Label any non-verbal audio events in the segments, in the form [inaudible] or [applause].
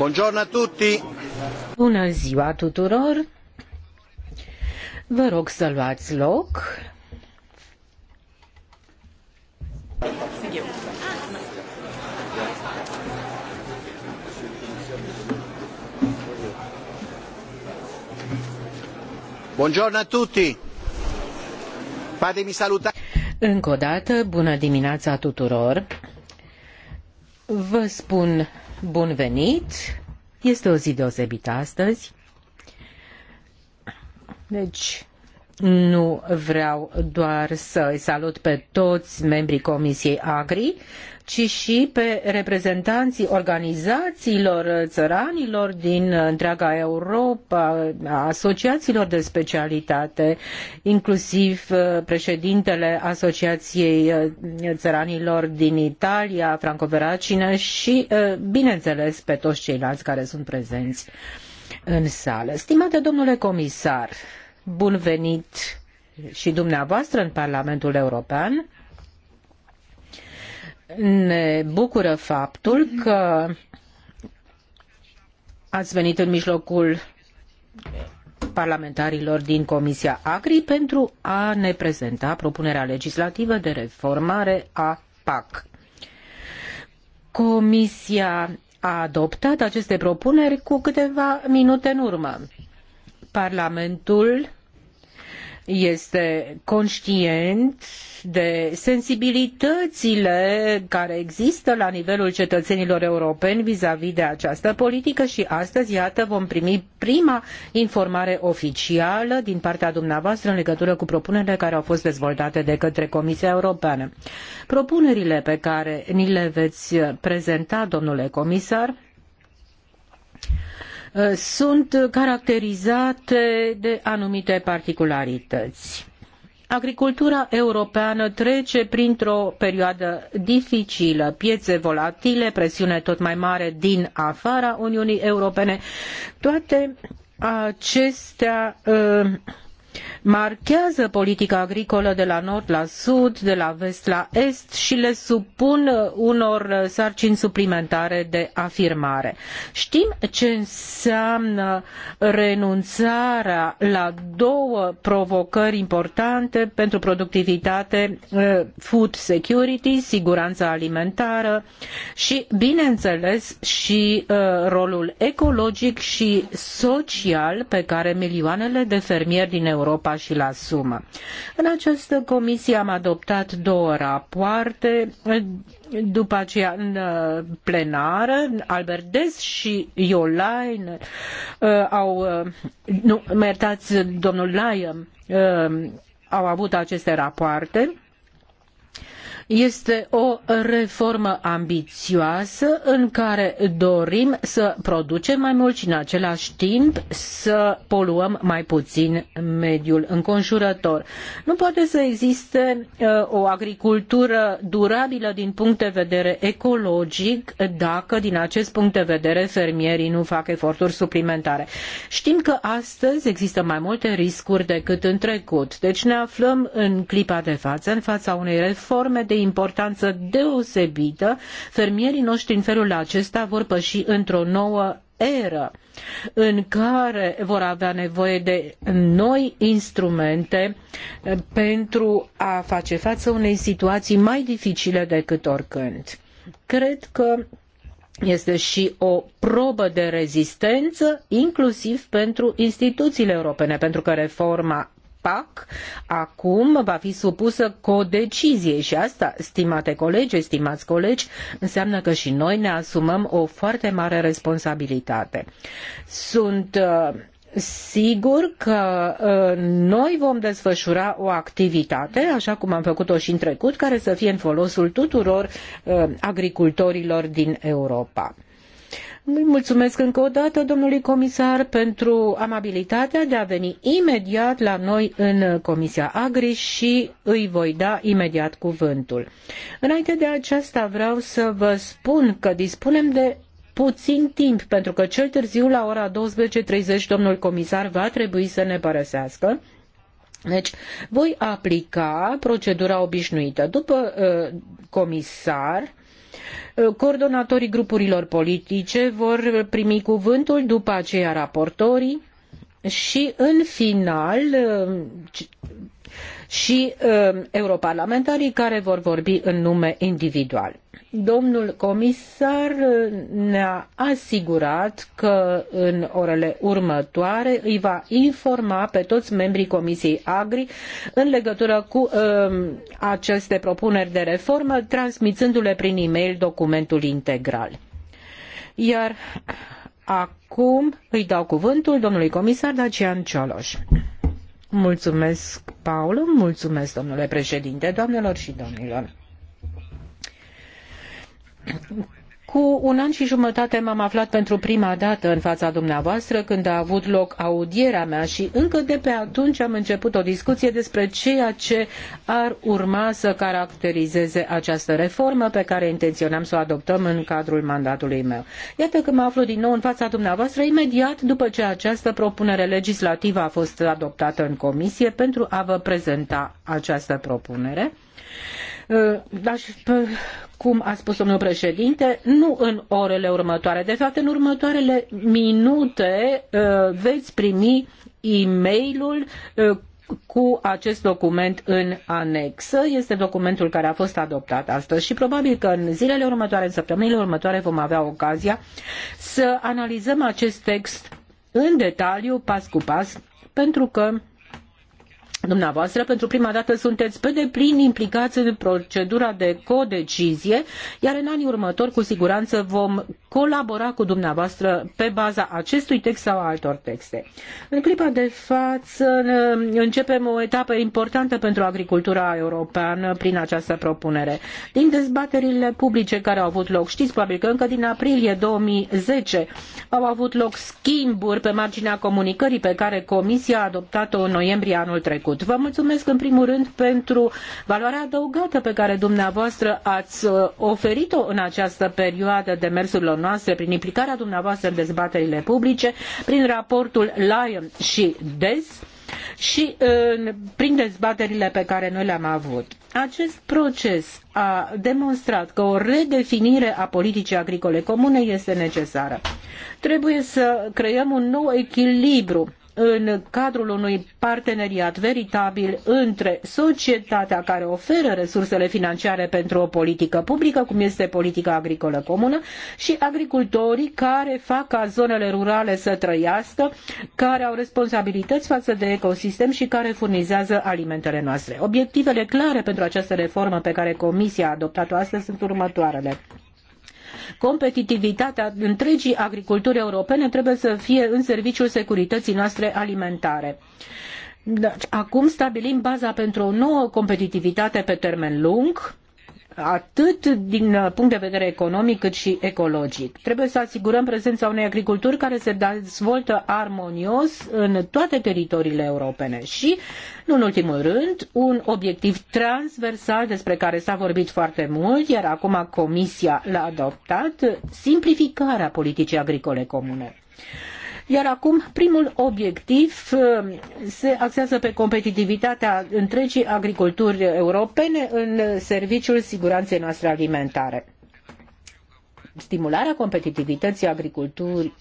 Buongiorno a tutti. Bună ziua tuturor. Vă rog să luați loc. Buongiorno a tutti. Fatemi salutare. Încă o dată, bună dimineața tuturor. Vă spun Bun venit! Este o zi deosebită astăzi. Deci, nu vreau doar să îi salut pe toți membrii Comisiei Agri, ci și pe reprezentanții organizațiilor țăranilor din întreaga Europa, a asociațiilor de specialitate, inclusiv uh, președintele Asociației uh, Țăranilor din Italia, Franco Veracine și, uh, bineînțeles, pe toți ceilalți care sunt prezenți în sală. Stimate domnule comisar, bun venit și dumneavoastră în Parlamentul European. Ne bucură faptul că ați venit în mijlocul parlamentarilor din Comisia Agri pentru a ne prezenta propunerea legislativă de reformare a PAC. Comisia a adoptat aceste propuneri cu câteva minute în urmă Parlamentul este conștient de sensibilitățile care există la nivelul cetățenilor europeni vizavi de această politică și astăzi, iată, vom primi prima informare oficială din partea dumneavoastră în legătură cu propunerile care au fost dezvoltate de către Comisia Europeană. Propunerile pe care ni le veți prezenta, domnule comisar, Uh, sunt caracterizate de anumite particularități. Agricultura europeană trece printr-o perioadă dificilă, piețe volatile, presiune tot mai mare din afara Uniunii Europene. Toate acestea uh, marchează politica agricolă de la nord la sud, de la vest la est și le supun unor sarcini suplimentare de afirmare. Știm ce înseamnă renunțarea la două provocări importante pentru productivitate, eh, food security, siguranța alimentară și, bineînțeles, și eh, rolul ecologic și social pe care milioanele de fermieri din Europa și la sumă. În această comisie am adoptat două rapoarte, după aceea în uh, plenară, Albert Des și Iolain uh, au, uh, nu, mertați, domnul Laiem, au avut aceste rapoarte este o reformă ambițioasă în care dorim să producem mai mult și în același timp să poluăm mai puțin mediul înconjurător. Nu poate să existe uh, o agricultură durabilă din punct de vedere ecologic dacă din acest punct de vedere fermierii nu fac eforturi suplimentare. Știm că astăzi există mai multe riscuri decât în trecut, deci ne aflăm în clipa de față în fața unei reforme de importanță deosebită. Fermierii noștri în felul acesta vor păși într-o nouă eră în care vor avea nevoie de noi instrumente eh, pentru a face față unei situații mai dificile decât oricând. Cred că este și o probă de rezistență, inclusiv pentru instituțiile europene, pentru că reforma PAC acum va fi supusă codeciziei și asta, stimate colegi, stimați colegi, înseamnă că și noi ne asumăm o foarte mare responsabilitate. Sunt uh, sigur că uh, noi vom desfășura o activitate, așa cum am făcut-o și în trecut, care să fie în folosul tuturor uh, agricultorilor din Europa. Îi mulțumesc încă o dată domnului comisar pentru amabilitatea de a veni imediat la noi în Comisia Agri și îi voi da imediat cuvântul. Înainte de aceasta vreau să vă spun că dispunem de puțin timp, pentru că cel târziu la ora 12.30 domnul comisar va trebui să ne părăsească. Deci, voi aplica procedura obișnuită. După uh, comisar, Uh, coordonatorii grupurilor politice vor primi cuvântul, după aceea raportorii și în final uh, și uh, europarlamentarii care vor vorbi în nume individual. Domnul comisar uh, ne-a asigurat că în orele următoare îi va informa pe toți membrii Comisiei Agri în legătură cu uh, aceste propuneri de reformă, transmițându-le prin e-mail documentul integral. Iar acum îi dau cuvântul domnului comisar Dacian Cioloș. Mulțumesc, Paul, mulțumesc, domnule președinte, doamnelor și domnilor. Cu un an și jumătate m-am aflat pentru prima dată în fața dumneavoastră când a avut loc audierea mea și încă de pe atunci am început o discuție despre ceea ce ar urma să caracterizeze această reformă pe care intenționam să o adoptăm în cadrul mandatului meu. Iată că mă aflu din nou în fața dumneavoastră imediat după ce această propunere legislativă a fost adoptată în comisie pentru a vă prezenta această propunere. Ă, dar, cum a spus domnul președinte, nu în orele următoare. De fapt, în următoarele minute ă, veți primi e-mailul ă, cu acest document în anexă. Este documentul care a fost adoptat astăzi și probabil că în zilele următoare, în săptămânile următoare vom avea ocazia să analizăm acest text în detaliu, pas cu pas, pentru că Dumneavoastră, pentru prima dată, sunteți pe deplin implicați în procedura de codecizie, iar în anii următori, cu siguranță, vom colabora cu dumneavoastră pe baza acestui text sau altor texte. În clipa de față, începem o etapă importantă pentru agricultura europeană prin această propunere. Din dezbaterile publice care au avut loc, știți probabil că încă din aprilie 2010 au avut loc schimburi pe marginea comunicării pe care Comisia a adoptat-o în noiembrie anul trecut trecut. Vă mulțumesc în primul rând pentru valoarea adăugată pe care dumneavoastră ați uh, oferit-o în această perioadă de mersurilor noastre prin implicarea dumneavoastră în dezbaterile publice, prin raportul Lion și DES și prin dezbaterile pe care noi le-am avut. Acest proces a demonstrat că o redefinire a politicii agricole comune este necesară. Trebuie să creăm un nou echilibru în cadrul unui parteneriat veritabil între societatea care oferă resursele financiare pentru o politică publică, cum este politica agricolă comună, și agricultorii care fac ca zonele rurale să trăiască, care au responsabilități față de ecosistem și care furnizează alimentele noastre. Obiectivele clare pentru această reformă pe care Comisia a adoptat-o astăzi sunt următoarele Competitivitatea întregii agriculturi europene trebuie să fie în serviciul securității noastre alimentare. Deci, acum stabilim baza pentru o nouă competitivitate pe termen lung atât din uh, punct de vedere economic cât și ecologic. Trebuie să asigurăm prezența unei agriculturi care se dezvoltă armonios în toate teritoriile europene și, nu în ultimul rând, un obiectiv transversal despre care s-a vorbit foarte mult, iar acum Comisia l-a adoptat, simplificarea politicii agricole comune. Iar acum primul obiectiv uh, se axează pe competitivitatea întregii agriculturi europene în serviciul siguranței noastre alimentare. Stimularea competitivității agriculturii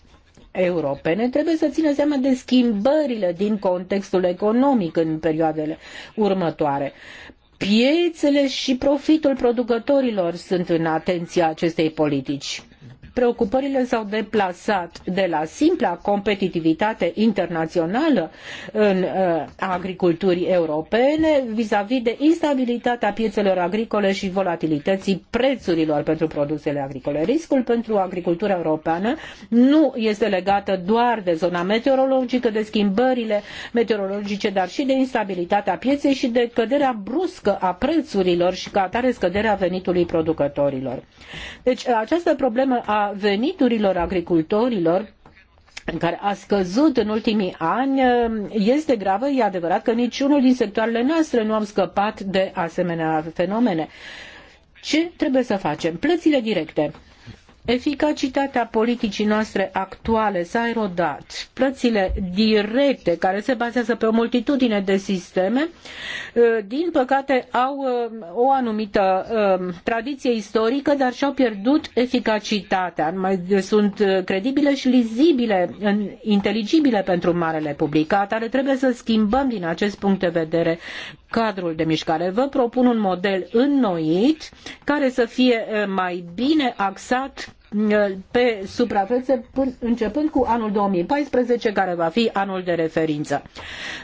europene trebuie să țină seama de schimbările din contextul economic în perioadele următoare. Piețele și profitul producătorilor sunt în atenția acestei politici preocupările s-au deplasat de la simpla competitivitate internațională în uh, agriculturii europene vis a -vis de instabilitatea piețelor agricole și volatilității prețurilor pentru produsele agricole. Riscul pentru agricultura europeană nu este legată doar de zona meteorologică, de schimbările meteorologice, dar și de instabilitatea pieței și de căderea bruscă a prețurilor și ca atare scăderea venitului producătorilor. Deci această problemă a veniturilor agricultorilor care a scăzut în ultimii ani este gravă. E adevărat că niciunul din sectoarele noastre nu am scăpat de asemenea fenomene. Ce trebuie să facem? Plățile directe. Eficacitatea politicii noastre actuale s-a erodat. Plățile directe, care se bazează pe o multitudine de sisteme, uh, din păcate au uh, o anumită um, tradiție istorică, dar și-au pierdut eficacitatea. Nu mai sunt uh, credibile și lizibile, inteligibile pentru marele public. Atare trebuie să schimbăm din acest punct de vedere cadrul de mișcare. Vă propun un model înnoit care să fie mai bine axat pe suprafețe începând cu anul 2014, care va fi anul de referință.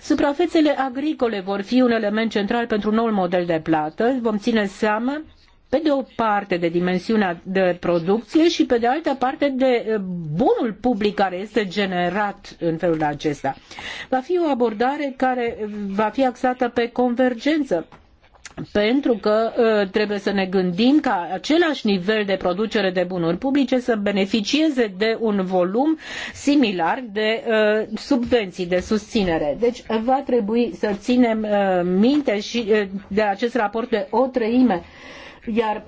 Suprafețele agricole vor fi un element central pentru noul model de plată. Vom ține seama pe de o parte de dimensiunea de producție și pe de altă parte de eh, bunul public care este generat în felul acesta. Va fi o abordare care va fi axată pe convergență, pentru că uh, trebuie să ne gândim ca același nivel de producere de bunuri publice să beneficieze de un volum similar de uh, subvenții, de susținere. Deci va trebui să ținem uh, minte și de acest raport de o treime iar 80%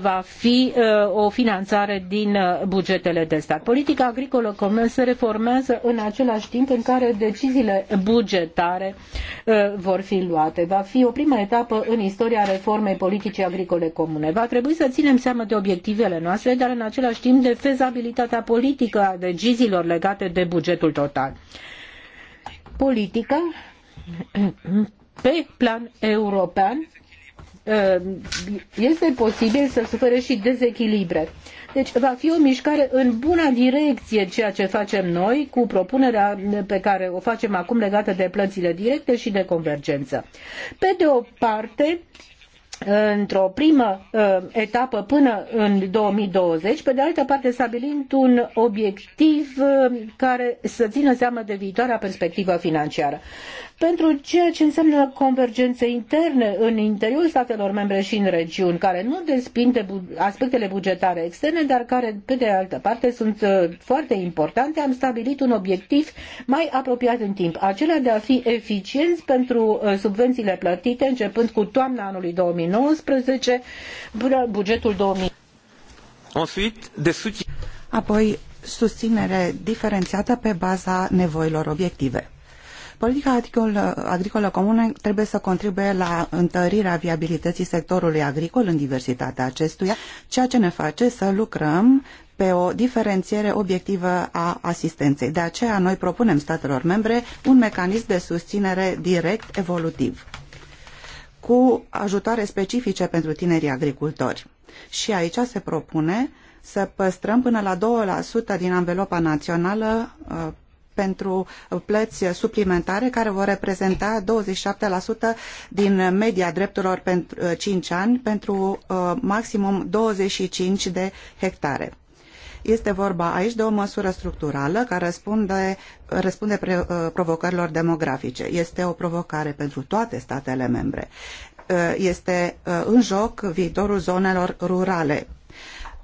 va fi uh, o finanțare din uh, bugetele de stat. Politica agricolă comună se reformează în același timp în care deciziile bugetare uh, vor fi luate. Va fi o prima etapă în istoria reformei politicii agricole comune. Va trebui să ținem seama de obiectivele noastre, dar în același timp de fezabilitatea politică a deciziilor legate de bugetul total. Politica pe plan european Uh, este posibil să sufere și dezechilibre. Deci va fi o mișcare în bună direcție ceea ce facem noi cu propunerea pe care o facem acum legată de plățile directe și de convergență. Pe de o parte, într-o primă uh, etapă până în 2020, pe de altă parte stabilind un obiectiv uh, care să țină seama de viitoarea perspectivă financiară pentru ceea ce înseamnă convergențe interne în interiorul statelor membre și în regiuni, care nu despinde aspectele bugetare externe, dar care, pe de altă parte, sunt uh, foarte importante, am stabilit un obiectiv mai apropiat în timp, acela de a fi eficienți pentru uh, subvențiile plătite, începând cu toamna anului 2019, bugetul 2000. Apoi, susținere diferențiată pe baza nevoilor obiective. Politica agricolă, comună trebuie să contribuie la întărirea viabilității sectorului agricol în diversitatea acestuia, ceea ce ne face să lucrăm pe o diferențiere obiectivă a asistenței. De aceea noi propunem statelor membre un mecanism de susținere direct evolutiv cu ajutoare specifice pentru tinerii agricultori. Și aici se propune să păstrăm până la 2% din anvelopa națională uh, pentru plăți suplimentare care vor reprezenta 27% din media drepturilor pentru 5 uh, ani pentru uh, maximum 25 de hectare. Este vorba aici de o măsură structurală care răspunde, răspunde pre, uh, provocărilor demografice. Este o provocare pentru toate statele membre. Este în joc viitorul zonelor rurale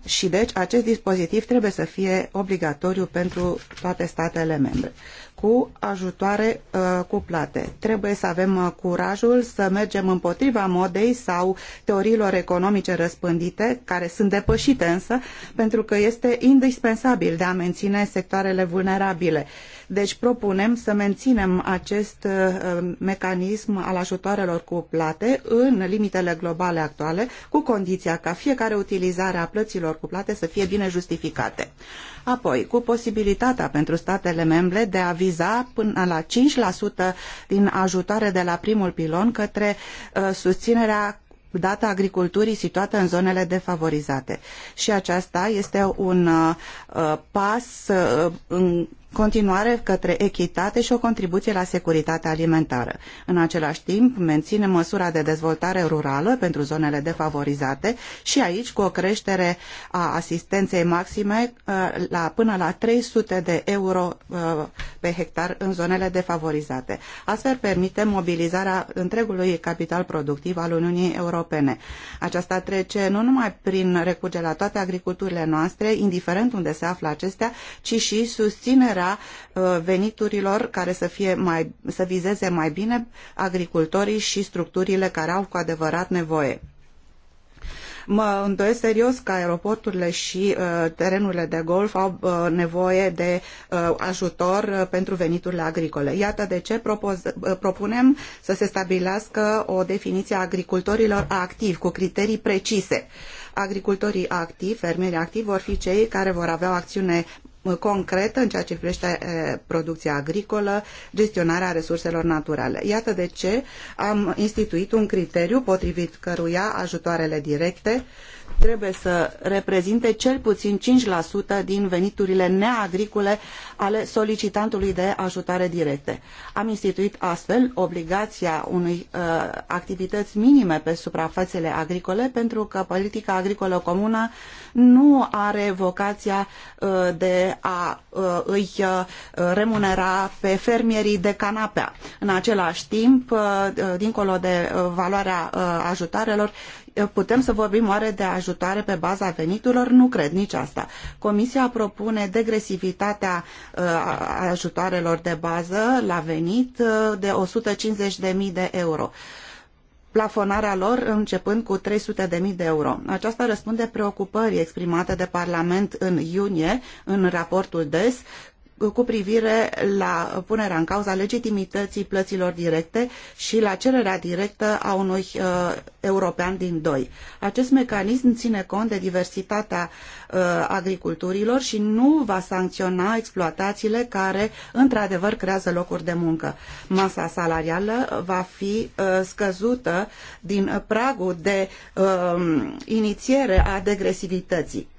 și deci acest dispozitiv trebuie să fie obligatoriu pentru toate statele membre. Cu ajutoare uh, cuplate. Trebuie să avem uh, curajul să mergem împotriva modei sau teoriilor economice răspândite, care sunt depășite însă, pentru că este indispensabil de a menține sectoarele vulnerabile. Uh, deci propunem să menținem acest uh, mecanism al ajutoarelor cuplate în limitele globale actuale, cu condiția ca fiecare utilizare a plăților cuplate să fie bine justificate. Apoi, cu posibilitatea pentru statele membre de a viza până la 5% din ajutoare de la primul pilon către uh, susținerea dată agriculturii situată în zonele defavorizate. Și aceasta este un uh, pas uh, în continuare către echitate și o contribuție la securitatea alimentară. În același timp, menține măsura de dezvoltare rurală pentru zonele defavorizate și aici cu o creștere a asistenței maxime uh, la, până la 300 de euro uh, pe hectar în zonele defavorizate. Astfel permite mobilizarea întregului capital productiv al Uniunii Europene. Aceasta trece nu numai prin recurge la toate agriculturile noastre, indiferent unde se află acestea, ci și susținerea creșterea uh, veniturilor care să, fie mai, să vizeze mai bine agricultorii și structurile care au cu adevărat nevoie. Mă îndoiesc serios că aeroporturile și uh, terenurile de golf au uh, nevoie de uh, ajutor uh, pentru veniturile agricole. Iată de ce uh, propunem să se stabilească o definiție a agricultorilor activi cu criterii precise. Agricultorii activi, fermierii activi, vor fi cei care vor avea o acțiune concretă în ceea ce privește producția agricolă, gestionarea resurselor naturale. Iată de ce am instituit un criteriu potrivit căruia ajutoarele directe uh, trebuie să reprezinte cel puțin 5% din veniturile neagricole ale solicitantului de ajutare directe. Am instituit astfel obligația unei uh, activități minime pe suprafețele agricole pentru că politica agricolă comună nu are vocația uh, de a uh, îi uh, remunera pe fermierii de canapea. În același timp, uh, dincolo de uh, valoarea uh, ajutarelor, Putem să vorbim oare de ajutoare pe baza veniturilor? Nu cred nici asta. Comisia propune degresivitatea uh, ajutoarelor de bază la venit uh, de 150.000 de euro plafonarea lor începând cu 300.000 de euro. Aceasta răspunde preocupării exprimate de Parlament în iunie în raportul DES cu privire la punerea în cauza legitimității plăților directe și la cererea directă a unui uh, european din doi. Acest mecanism ține cont de diversitatea uh, agriculturilor și nu va sancționa exploatațiile care într-adevăr creează locuri de muncă. Masa salarială va fi uh, scăzută din pragul de uh, inițiere a degresivității. Uh,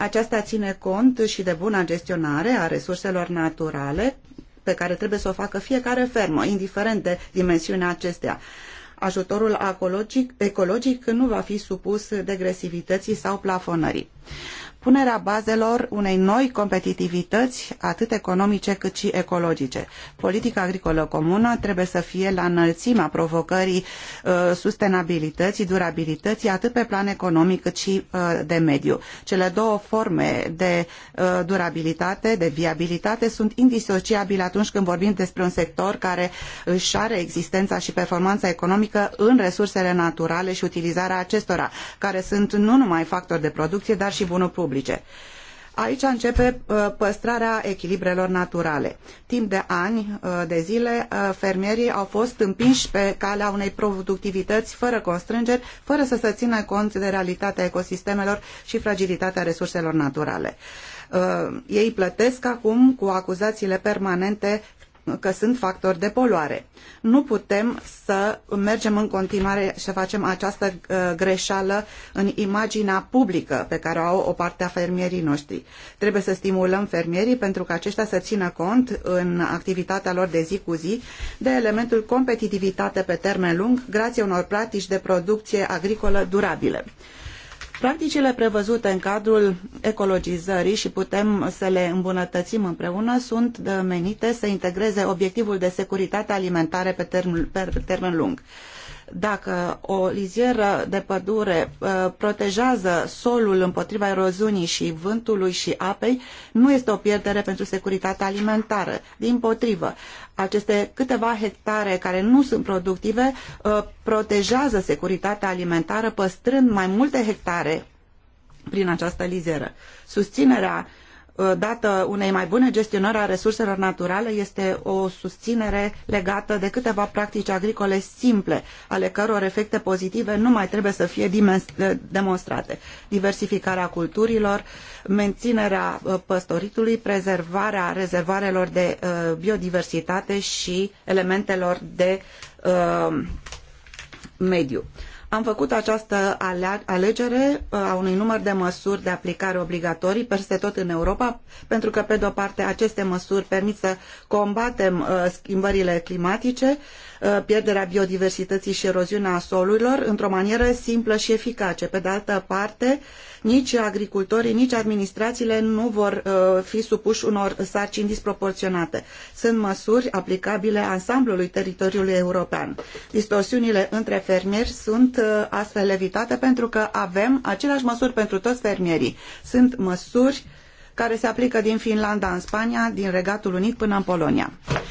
aceasta ține cont și de buna gestionare a resurselor naturale pe care trebuie să o facă fiecare fermă, indiferent de dimensiunea acesteia. Ajutorul ecologic, ecologic nu va fi supus degresivității sau plafonării punerea bazelor unei noi competitivități, atât economice cât și ecologice. Politica agricolă comună trebuie să fie la înălțimea provocării uh, sustenabilității, durabilității, atât pe plan economic cât și uh, de mediu. Cele două forme de uh, durabilitate, de viabilitate, sunt indisociabile atunci când vorbim despre un sector care își are existența și performanța economică în resursele naturale și utilizarea acestora, care sunt nu numai factori de producție, dar și bunuri publice publice. Aici începe uh, păstrarea echilibrelor naturale. Timp de ani, uh, de zile, uh, fermierii au fost împinși pe calea unei productivități fără constrângeri, fără să se țină cont de realitatea ecosistemelor și fragilitatea resurselor naturale. Ei plătesc acum cu acuzațiile permanente că sunt factori de poluare. Nu putem să mergem în continuare și să facem această uh, greșeală în imaginea publică pe care o au o parte a fermierii noștri. Trebuie să stimulăm fermierii pentru că aceștia să țină cont în activitatea lor de zi cu zi de elementul competitivitate pe termen lung grație unor practici de producție agricolă durabile. Practicile prevăzute în cadrul ecologizării și putem să le îmbunătățim împreună sunt uh, menite să integreze obiectivul de securitate alimentare pe termen, pe termen lung dacă o lizieră de pădure uh, protejează solul împotriva eroziunii și vântului și apei, nu este o pierdere pentru securitatea alimentară. Din potrivă, aceste câteva hectare care nu sunt productive uh, protejează securitatea alimentară păstrând mai multe hectare prin această lizeră. Susținerea Uh, dată unei mai bune gestionări a resurselor naturale este o susținere legată de câteva practici agricole simple, ale căror efecte pozitive nu mai trebuie să fie demonstrate. Diversificarea culturilor, menținerea uh, păstoritului, prezervarea rezervoarelor de uh, biodiversitate și elementelor de mediu. Am făcut această alegere uh, a unui număr de măsuri de aplicare obligatorii peste tot în Europa, pentru că, pe de-o parte, aceste măsuri permit să combatem uh, schimbările climatice, uh, pierderea biodiversității și eroziunea solurilor într-o manieră simplă și eficace. Pe de altă parte, nici agricultorii, nici administrațiile nu vor fi supuși unor sarcini disproporționate. Sunt măsuri aplicabile ansamblului teritoriului european. Distorsiunile între fermieri sunt Uh, astfel evitate pentru că avem aceleași măsuri pentru toți fermierii. Sunt măsuri care se aplică din Finlanda în Spania, din Regatul Unit până în Polonia.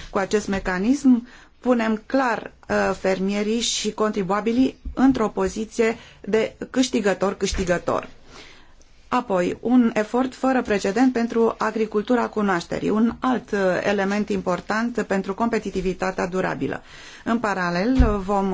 Cu acest mecanism punem clar uh, fermierii și contribuabilii într-o poziție de câștigător-câștigător. Apoi, un efort fără precedent pentru agricultura cunoașterii, un alt uh, element important pentru competitivitatea durabilă. În paralel, vom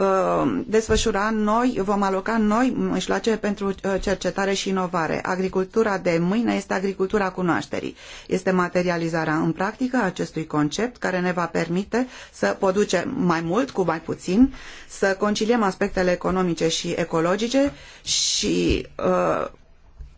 Uh, desfășura noi, vom aloca noi mijloace pentru uh, cercetare și inovare. Agricultura de mâine este agricultura cunoașterii. Este materializarea în practică a acestui concept care ne va permite să producem mai mult cu mai puțin, să conciliem aspectele economice și ecologice și uh,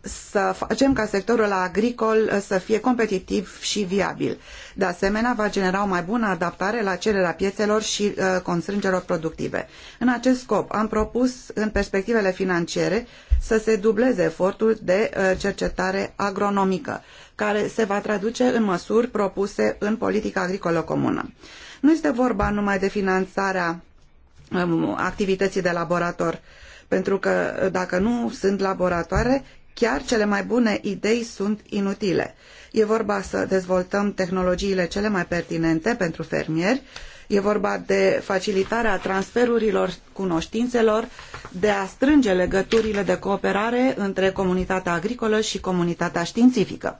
să facem ca sectorul agricol uh, să fie competitiv și viabil. De asemenea, va genera o mai bună adaptare la cererea piețelor și uh, constrângerilor productive. În acest scop, am propus în perspectivele financiare să se dubleze efortul de uh, cercetare agronomică, care se va traduce în măsuri propuse în politica agricolă comună. Nu este vorba numai de finanțarea um, activității de laborator, pentru că uh, dacă nu sunt laboratoare, Chiar cele mai bune idei sunt inutile. E vorba să dezvoltăm tehnologiile cele mai pertinente pentru fermieri, e vorba de facilitarea transferurilor cunoștințelor, de a strânge legăturile de cooperare între comunitatea agricolă și comunitatea științifică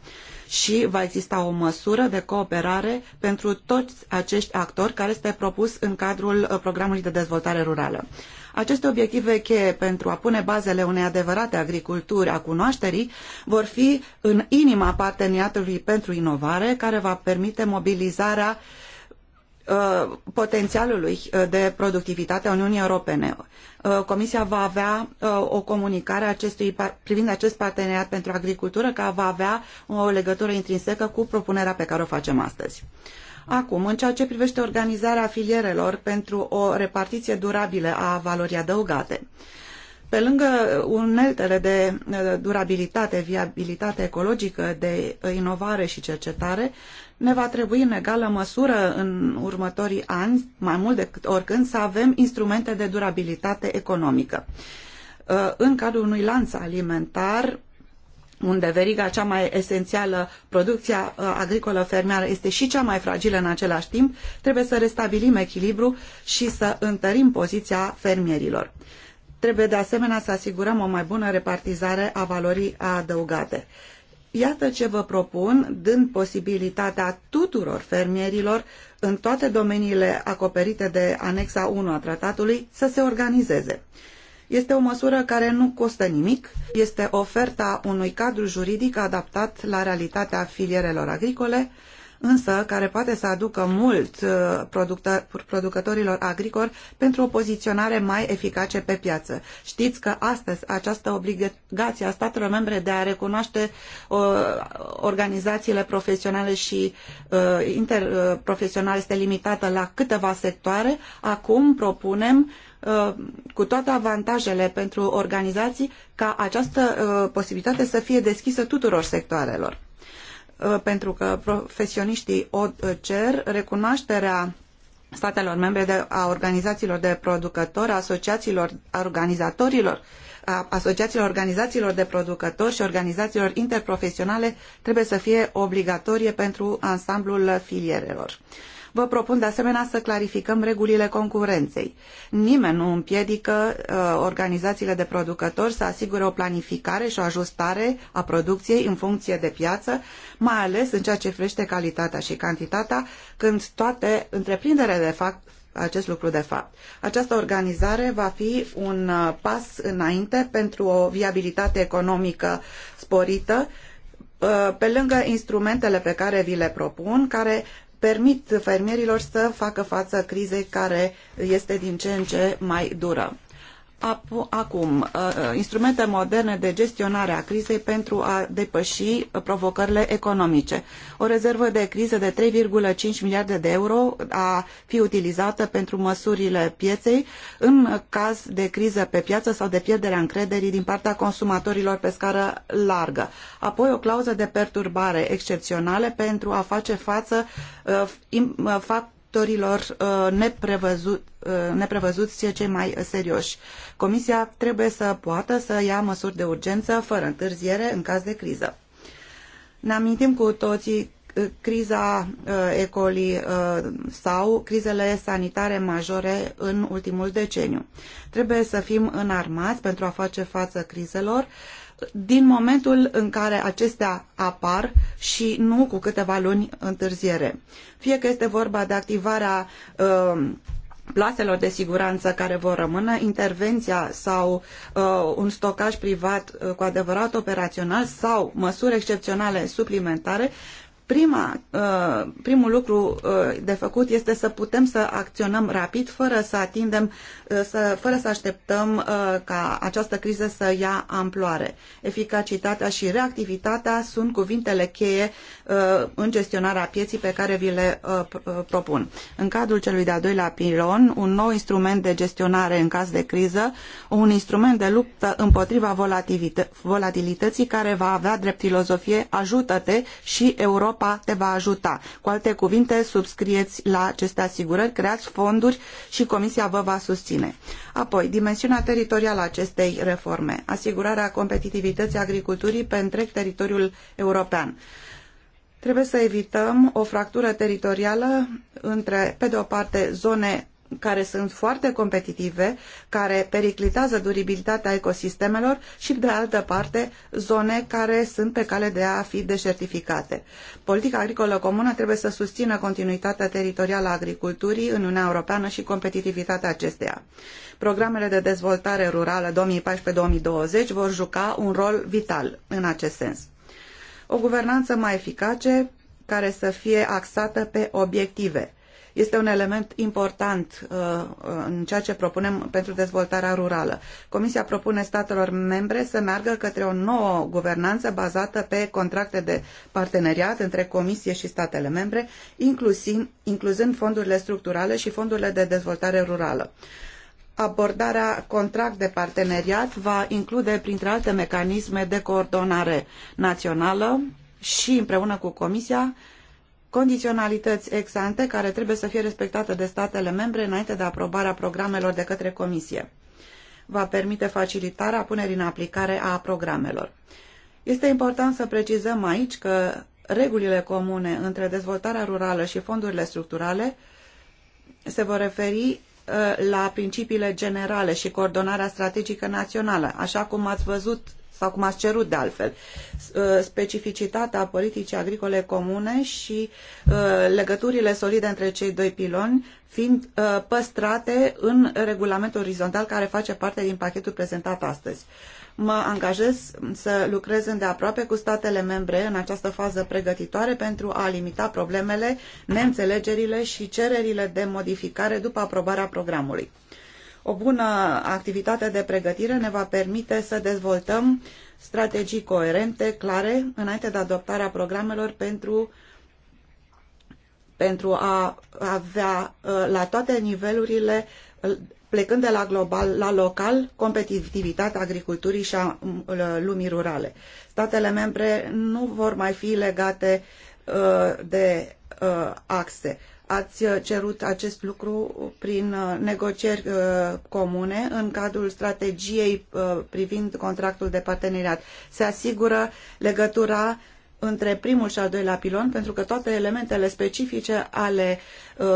și va exista o măsură de cooperare pentru toți acești actori care este propus în cadrul uh, programului de dezvoltare rurală. Aceste obiective cheie pentru a pune bazele unei adevărate agriculturi a cunoașterii vor fi în inima parteneriatului pentru inovare care va permite mobilizarea uh, Uh, potențialului uh, de productivitate a Uniunii Europene. Uh, Comisia va avea o comunicare acestui, privind acest parteneriat pentru agricultură, care va avea o legătură intrinsecă cu propunerea pe care o facem astăzi. Acum, în ceea ce privește organizarea filierelor pentru o repartiție durabilă a valorii adăugate. Uh, pe lângă uneltele de durabilitate, viabilitate ecologică, de inovare și cercetare, ne va trebui în egală măsură în următorii ani, mai mult decât oricând, să avem instrumente de durabilitate economică. Uh, în cadrul unui lanț alimentar, unde veriga cea mai esențială, producția uh, agricolă fermiară, este și cea mai fragilă în același timp, trebuie să restabilim echilibru și să întărim poziția fermierilor. Trebuie de asemenea să asigurăm o mai bună repartizare a valorii adăugate. Iată ce vă propun, dând posibilitatea tuturor fermierilor în toate domeniile acoperite de anexa 1 a tratatului să se organizeze. Este o măsură care nu costă nimic, este oferta unui cadru juridic adaptat la realitatea filierelor agricole, însă care poate să aducă mult uh, producătorilor agricoli pentru o poziționare mai eficace pe piață. Știți că astăzi această obligație a statelor membre de a recunoaște uh, organizațiile profesionale și uh, interprofesionale este limitată la câteva sectoare. Acum propunem cu toate avantajele pentru organizații ca această posibilitate să fie deschisă tuturor sectoarelor. Uh, pentru că profesioniștii o uh, cer recunoașterea statelor membre de, a organizațiilor de producători, a asociațiilor a organizatorilor, a asociațiilor organizațiilor de producători și organizațiilor interprofesionale trebuie să fie obligatorie pentru ansamblul filierelor. Uh, Vă propun de asemenea să clarificăm regulile concurenței. Nimeni nu împiedică uh, organizațiile de producători să asigure o planificare și o ajustare a producției în funcție de piață, mai ales în ceea ce privește calitatea și cantitatea, când toate întreprinderile de fapt acest lucru de fapt. Această organizare va fi un uh, pas înainte pentru o viabilitate economică sporită uh, pe lângă instrumentele pe care vi le propun, care permit fermierilor să facă față crizei care este din ce în ce mai dură. Acum, uh, uh, instrumente moderne de gestionare a crizei pentru a depăși uh, provocările economice. O rezervă de criză de 3,5 miliarde de euro a fi utilizată pentru măsurile pieței în caz de criză pe piață sau de pierderea încrederii din partea consumatorilor pe scară largă. Apoi o clauză de perturbare excepționale pentru a face față factorilor uh, neprevăzut, uh, neprevăzuți cei mai serioși. Comisia trebuie să poată să ia măsuri de urgență fără întârziere în caz de criză. Ne amintim cu toții uh, criza ecoli sau crizele sanitare majore în ultimul deceniu. Trebuie să fim înarmați pentru a face față crizelor din momentul în care acestea apar și nu cu câteva luni întârziere. Fie că este vorba de activarea um, plaselor de siguranță care vor rămâne, intervenția sau uh, un stocaj privat uh, cu adevărat operațional sau măsuri excepționale suplimentare, uh, Prima, uh, primul lucru uh, de făcut este să putem să acționăm rapid fără să atindem, uh, să, fără să așteptăm ca această criză să ia amploare. Eficacitatea și reactivitatea sunt cuvintele cheie Uh, în gestionarea pieții pe care vi le uh, uh, propun. În cadrul celui de-al doilea pilon, un nou instrument de gestionare în caz de criză, un instrument de luptă împotriva volatilității care va avea drept filozofie ajută-te și Europa te va ajuta. Cu alte cuvinte, subscrieți la aceste asigurări, creați fonduri și Comisia vă va susține. Apoi, dimensiunea teritorială a acestei reforme, asigurarea competitivității agriculturii pe întreg teritoriul european. Trebuie să evităm o fractură teritorială între, pe de o parte, zone care sunt foarte competitive, care periclitează durabilitatea ecosistemelor și, de altă parte, zone care sunt pe cale de a fi deșertificate. Politica agricolă comună trebuie să susțină continuitatea teritorială a agriculturii în Uniunea Europeană și competitivitatea acesteia. Programele de dezvoltare rurală 2014-2020 vor juca un rol vital în acest sens o guvernanță mai eficace care să fie axată pe obiective. Este un element important uh, uh, în ceea ce propunem pentru dezvoltarea rurală. Comisia propune statelor membre să meargă către o nouă guvernanță bazată pe contracte de parteneriat între Comisie și statele membre, inclusiv, incluzând fondurile structurale și fondurile de dezvoltare rurală. Uh, abordarea contract de parteneriat va include, printre alte mecanisme de coordonare națională și, împreună cu Comisia, condiționalități ex-ante care trebuie să fie respectate de statele membre înainte de aprobarea programelor de către Comisie. Va permite facilitarea punerii în aplicare a programelor. Este important să precizăm aici că regulile comune între dezvoltarea rurală și fondurile structurale se vor referi Uh, la principiile generale și coordonarea strategică națională, așa cum ați văzut sau cum ați cerut de altfel, uh, specificitatea politicii agricole comune și uh, legăturile solide între cei doi piloni fiind păstrate în regulamentul orizontal care face parte din pachetul prezentat astăzi. Mă angajez să lucrez îndeaproape cu statele membre în această fază pregătitoare pentru a limita problemele, neînțelegerile și cererile de modificare după aprobarea programului. O bună activitate de pregătire ne va permite să dezvoltăm strategii coerente, clare, înainte de adoptarea programelor pentru pentru a avea uh, la toate nivelurile uh, plecând de la global la local, competitivitatea agriculturii și a mm, lumii rurale. Statele membre nu vor mai fi legate uh, de uh, axe. Ați uh, cerut acest lucru prin negocieri comune în cadrul strategiei privind contractul de parteneriat. Se asigură legătura între primul și al doilea pilon, pentru că toate elementele specifice ale uh,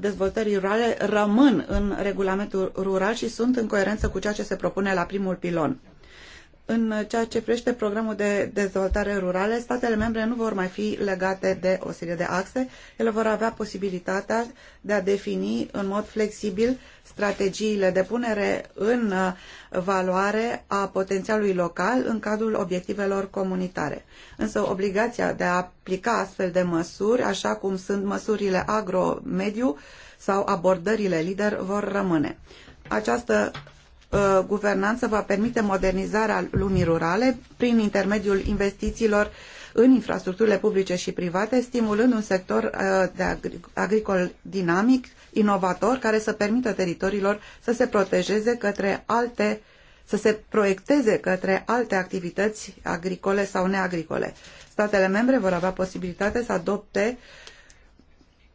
dezvoltării rurale rămân în regulamentul rural și sunt în coerență cu ceea ce se propune la primul pilon. În ceea ce privește programul de dezvoltare rurală, statele membre nu vor mai fi legate de o serie de axe. Ele vor avea posibilitatea de a defini în mod flexibil strategiile de punere în uh, valoare a potențialului local în cadrul obiectivelor comunitare. Însă obligația de a aplica astfel de măsuri, așa cum sunt măsurile agro-mediu sau abordările lider, vor rămâne. Această Uh, guvernanță va permite modernizarea lumii rurale prin intermediul investițiilor în infrastructurile publice și private, stimulând un sector uh, de agricol dinamic, inovator, care să permită teritoriilor să se protejeze către alte să se proiecteze către alte activități agricole sau neagricole. Statele membre vor avea posibilitatea să adopte uh,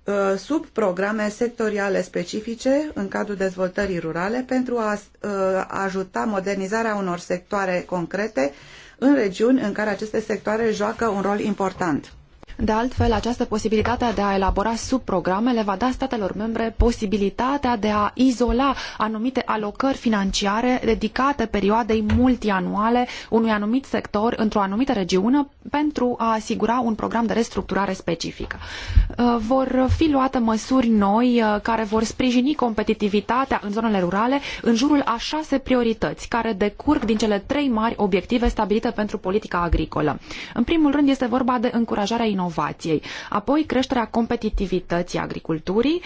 Uh, sub programe sectoriale specifice în cadrul dezvoltării rurale pentru a uh, ajuta modernizarea unor sectoare concrete în regiuni în care aceste sectoare joacă un rol important. De altfel, această posibilitate de a elabora subprograme le va da statelor membre posibilitatea de a izola anumite alocări financiare dedicate perioadei multianuale unui anumit sector într-o anumită regiune pentru a asigura un program de restructurare specifică. Uh, vor fi luate măsuri noi uh, care vor sprijini competitivitatea în zonele rurale în jurul a șase priorități care decurg din cele trei mari obiective stabilite pentru politica agricolă. În primul rând este vorba de încurajarea inovației inovației, apoi creșterea competitivității agriculturii,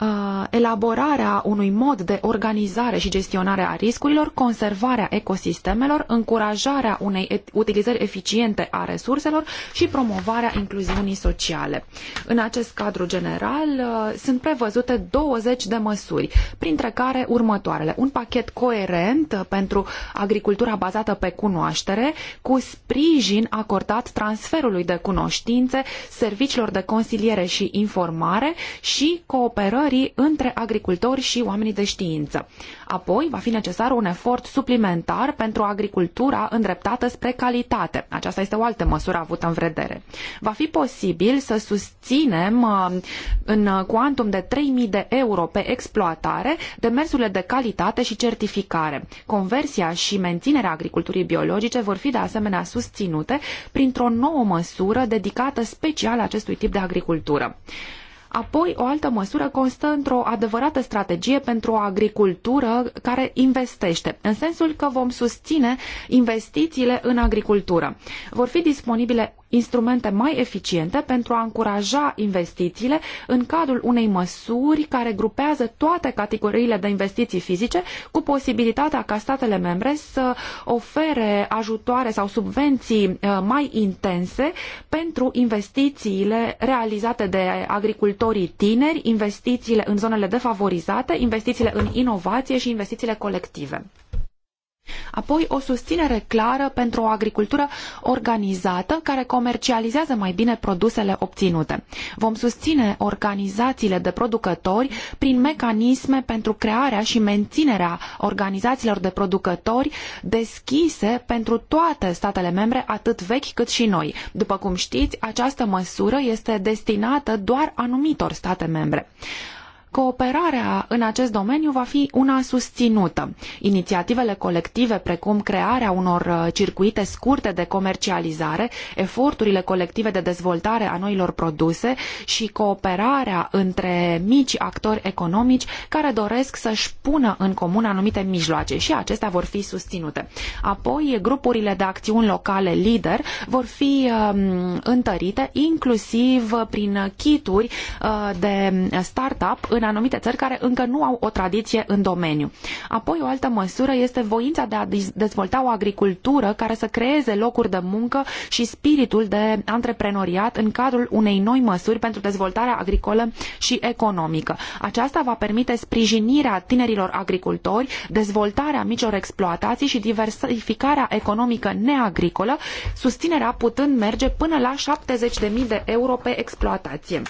uh, elaborarea unui mod de organizare și gestionare a riscurilor, conservarea ecosistemelor, încurajarea unei utilizări eficiente a resurselor și promovarea incluziunii sociale. În acest cadru general uh, sunt prevăzute 20 de măsuri, printre care următoarele. Un pachet coerent uh, pentru agricultura bazată pe cunoaștere, cu sprijin acordat transferului de cunoștințe, serviciilor de consiliere și informare și cooperării cooperării între agricultori și oamenii de știință. Apoi, va fi necesar un efort suplimentar pentru agricultura îndreptată spre calitate. Aceasta este o altă măsură avută în vedere. Va fi posibil să susținem uh, în cuantum de 3.000 de euro pe exploatare demersurile de calitate și certificare. Conversia și menținerea agriculturii biologice vor fi de asemenea susținute printr-o nouă măsură dedicată special acestui tip de agricultură. Apoi, o altă măsură constă într-o adevărată strategie pentru o agricultură care investește, în sensul că vom susține investițiile în agricultură. Vor fi disponibile instrumente mai eficiente pentru a încuraja investițiile în cadrul unei măsuri care grupează toate categoriile de investiții fizice cu posibilitatea ca statele membre să ofere ajutoare sau subvenții uh, mai intense pentru investițiile realizate de agricultorii tineri, investițiile în zonele defavorizate, investițiile în inovație și investițiile colective. Apoi o susținere clară pentru o agricultură organizată care comercializează mai bine produsele obținute. Vom susține organizațiile de producători prin mecanisme pentru crearea și menținerea organizațiilor de producători deschise pentru toate statele membre, atât vechi cât și noi. După cum știți, această măsură este destinată doar anumitor state membre. Cooperarea în acest domeniu va fi una susținută. Inițiativele colective, precum crearea unor uh, circuite scurte de comercializare, eforturile colective de dezvoltare a noilor produse și cooperarea între mici actori economici care doresc să-și pună în comun anumite mijloace și acestea vor fi susținute. Apoi, grupurile de acțiuni locale lider vor fi um, întărite inclusiv prin kituri uh, de startup în anumite țări care încă nu au o tradiție în domeniu. Apoi o altă măsură este voința de a dezvolta o agricultură care să creeze locuri de muncă și spiritul de antreprenoriat în cadrul unei noi măsuri pentru dezvoltarea agricolă și economică. Aceasta va permite sprijinirea tinerilor agricultori, dezvoltarea micilor exploatații și diversificarea economică neagricolă, susținerea putând merge până la 70.000 de euro pe exploatație.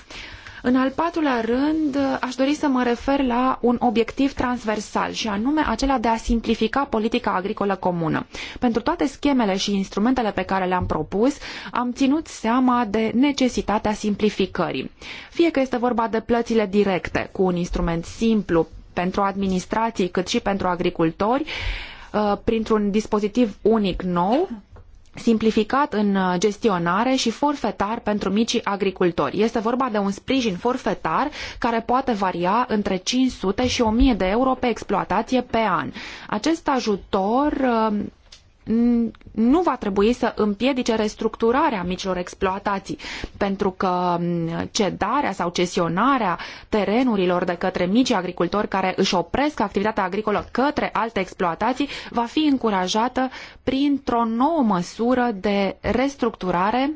În al patrulea rând, aș dori să mă refer la un obiectiv transversal și anume acela de a simplifica politica agricolă comună. Pentru toate schemele și instrumentele pe care le-am propus, am ținut seama de necesitatea simplificării. Fie că este vorba de plățile directe cu un instrument simplu pentru administrații cât și pentru agricultori, uh, printr-un dispozitiv unic nou, simplificat în uh, gestionare și forfetar pentru micii agricultori. Este vorba de un sprijin forfetar care poate varia între 500 și 1000 de euro pe exploatație pe an. Acest ajutor uh, nu va trebui să împiedice restructurarea micilor exploatații, pentru că cedarea sau cesionarea terenurilor de către micii agricultori care își opresc activitatea agricolă către alte exploatații va fi încurajată printr-o nouă măsură de restructurare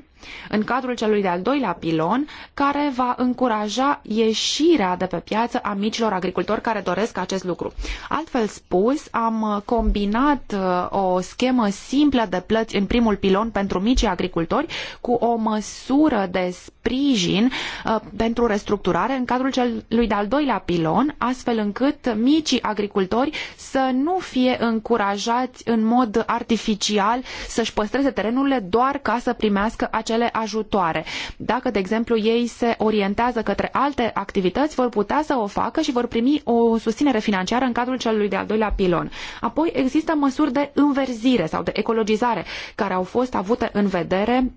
în cadrul celui de-al doilea pilon, care va încuraja ieșirea de pe piață a micilor agricultori care doresc acest lucru. Altfel spus, am combinat uh, o schemă simplă de plăți în primul pilon pentru micii agricultori cu o măsură de sprijin uh, pentru restructurare în cadrul celui de-al doilea pilon, astfel încât micii agricultori să nu fie încurajați în mod artificial să-și păstreze terenurile doar ca să primească acel acele ajutoare. Dacă, de exemplu, ei se orientează către alte activități, vor putea să o facă și vor primi o susținere financiară în cadrul celui de-al doilea pilon. Apoi există măsuri de înverzire sau de ecologizare care au fost avute în vedere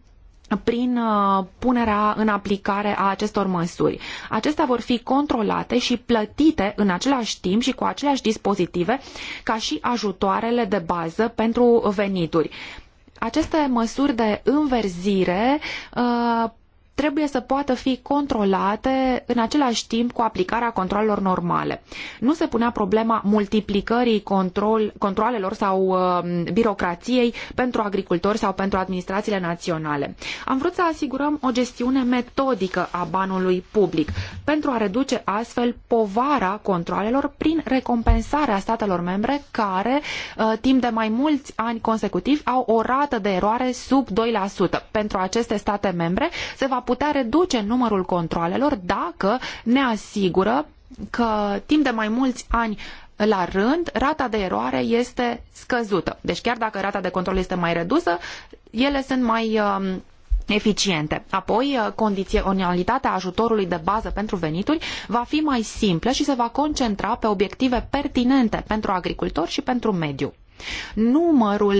prin uh, punerea în aplicare a acestor măsuri. Acestea vor fi controlate și plătite în același timp și cu aceleași dispozitive ca și ajutoarele de bază pentru venituri. Aceste măsuri de înverzire uh, trebuie să poată fi controlate în același timp cu aplicarea controlelor normale. Nu se punea problema multiplicării control, controlelor sau uh, birocrației pentru agricultori sau pentru administrațiile naționale. Am vrut să asigurăm o gestiune metodică a banului public pentru a reduce astfel povara controlelor prin recompensarea statelor membre care uh, timp de mai mulți ani consecutiv au o rată de eroare sub 2%. Pentru aceste state membre se va putea reduce numărul controalelor dacă ne asigură că timp de mai mulți ani la rând, rata de eroare este scăzută. Deci chiar dacă rata de control este mai redusă, ele sunt mai uh, eficiente. Apoi, uh, condiționalitatea ajutorului de bază pentru venituri va fi mai simplă și se va concentra pe obiective pertinente pentru agricultori și pentru mediu. Numărul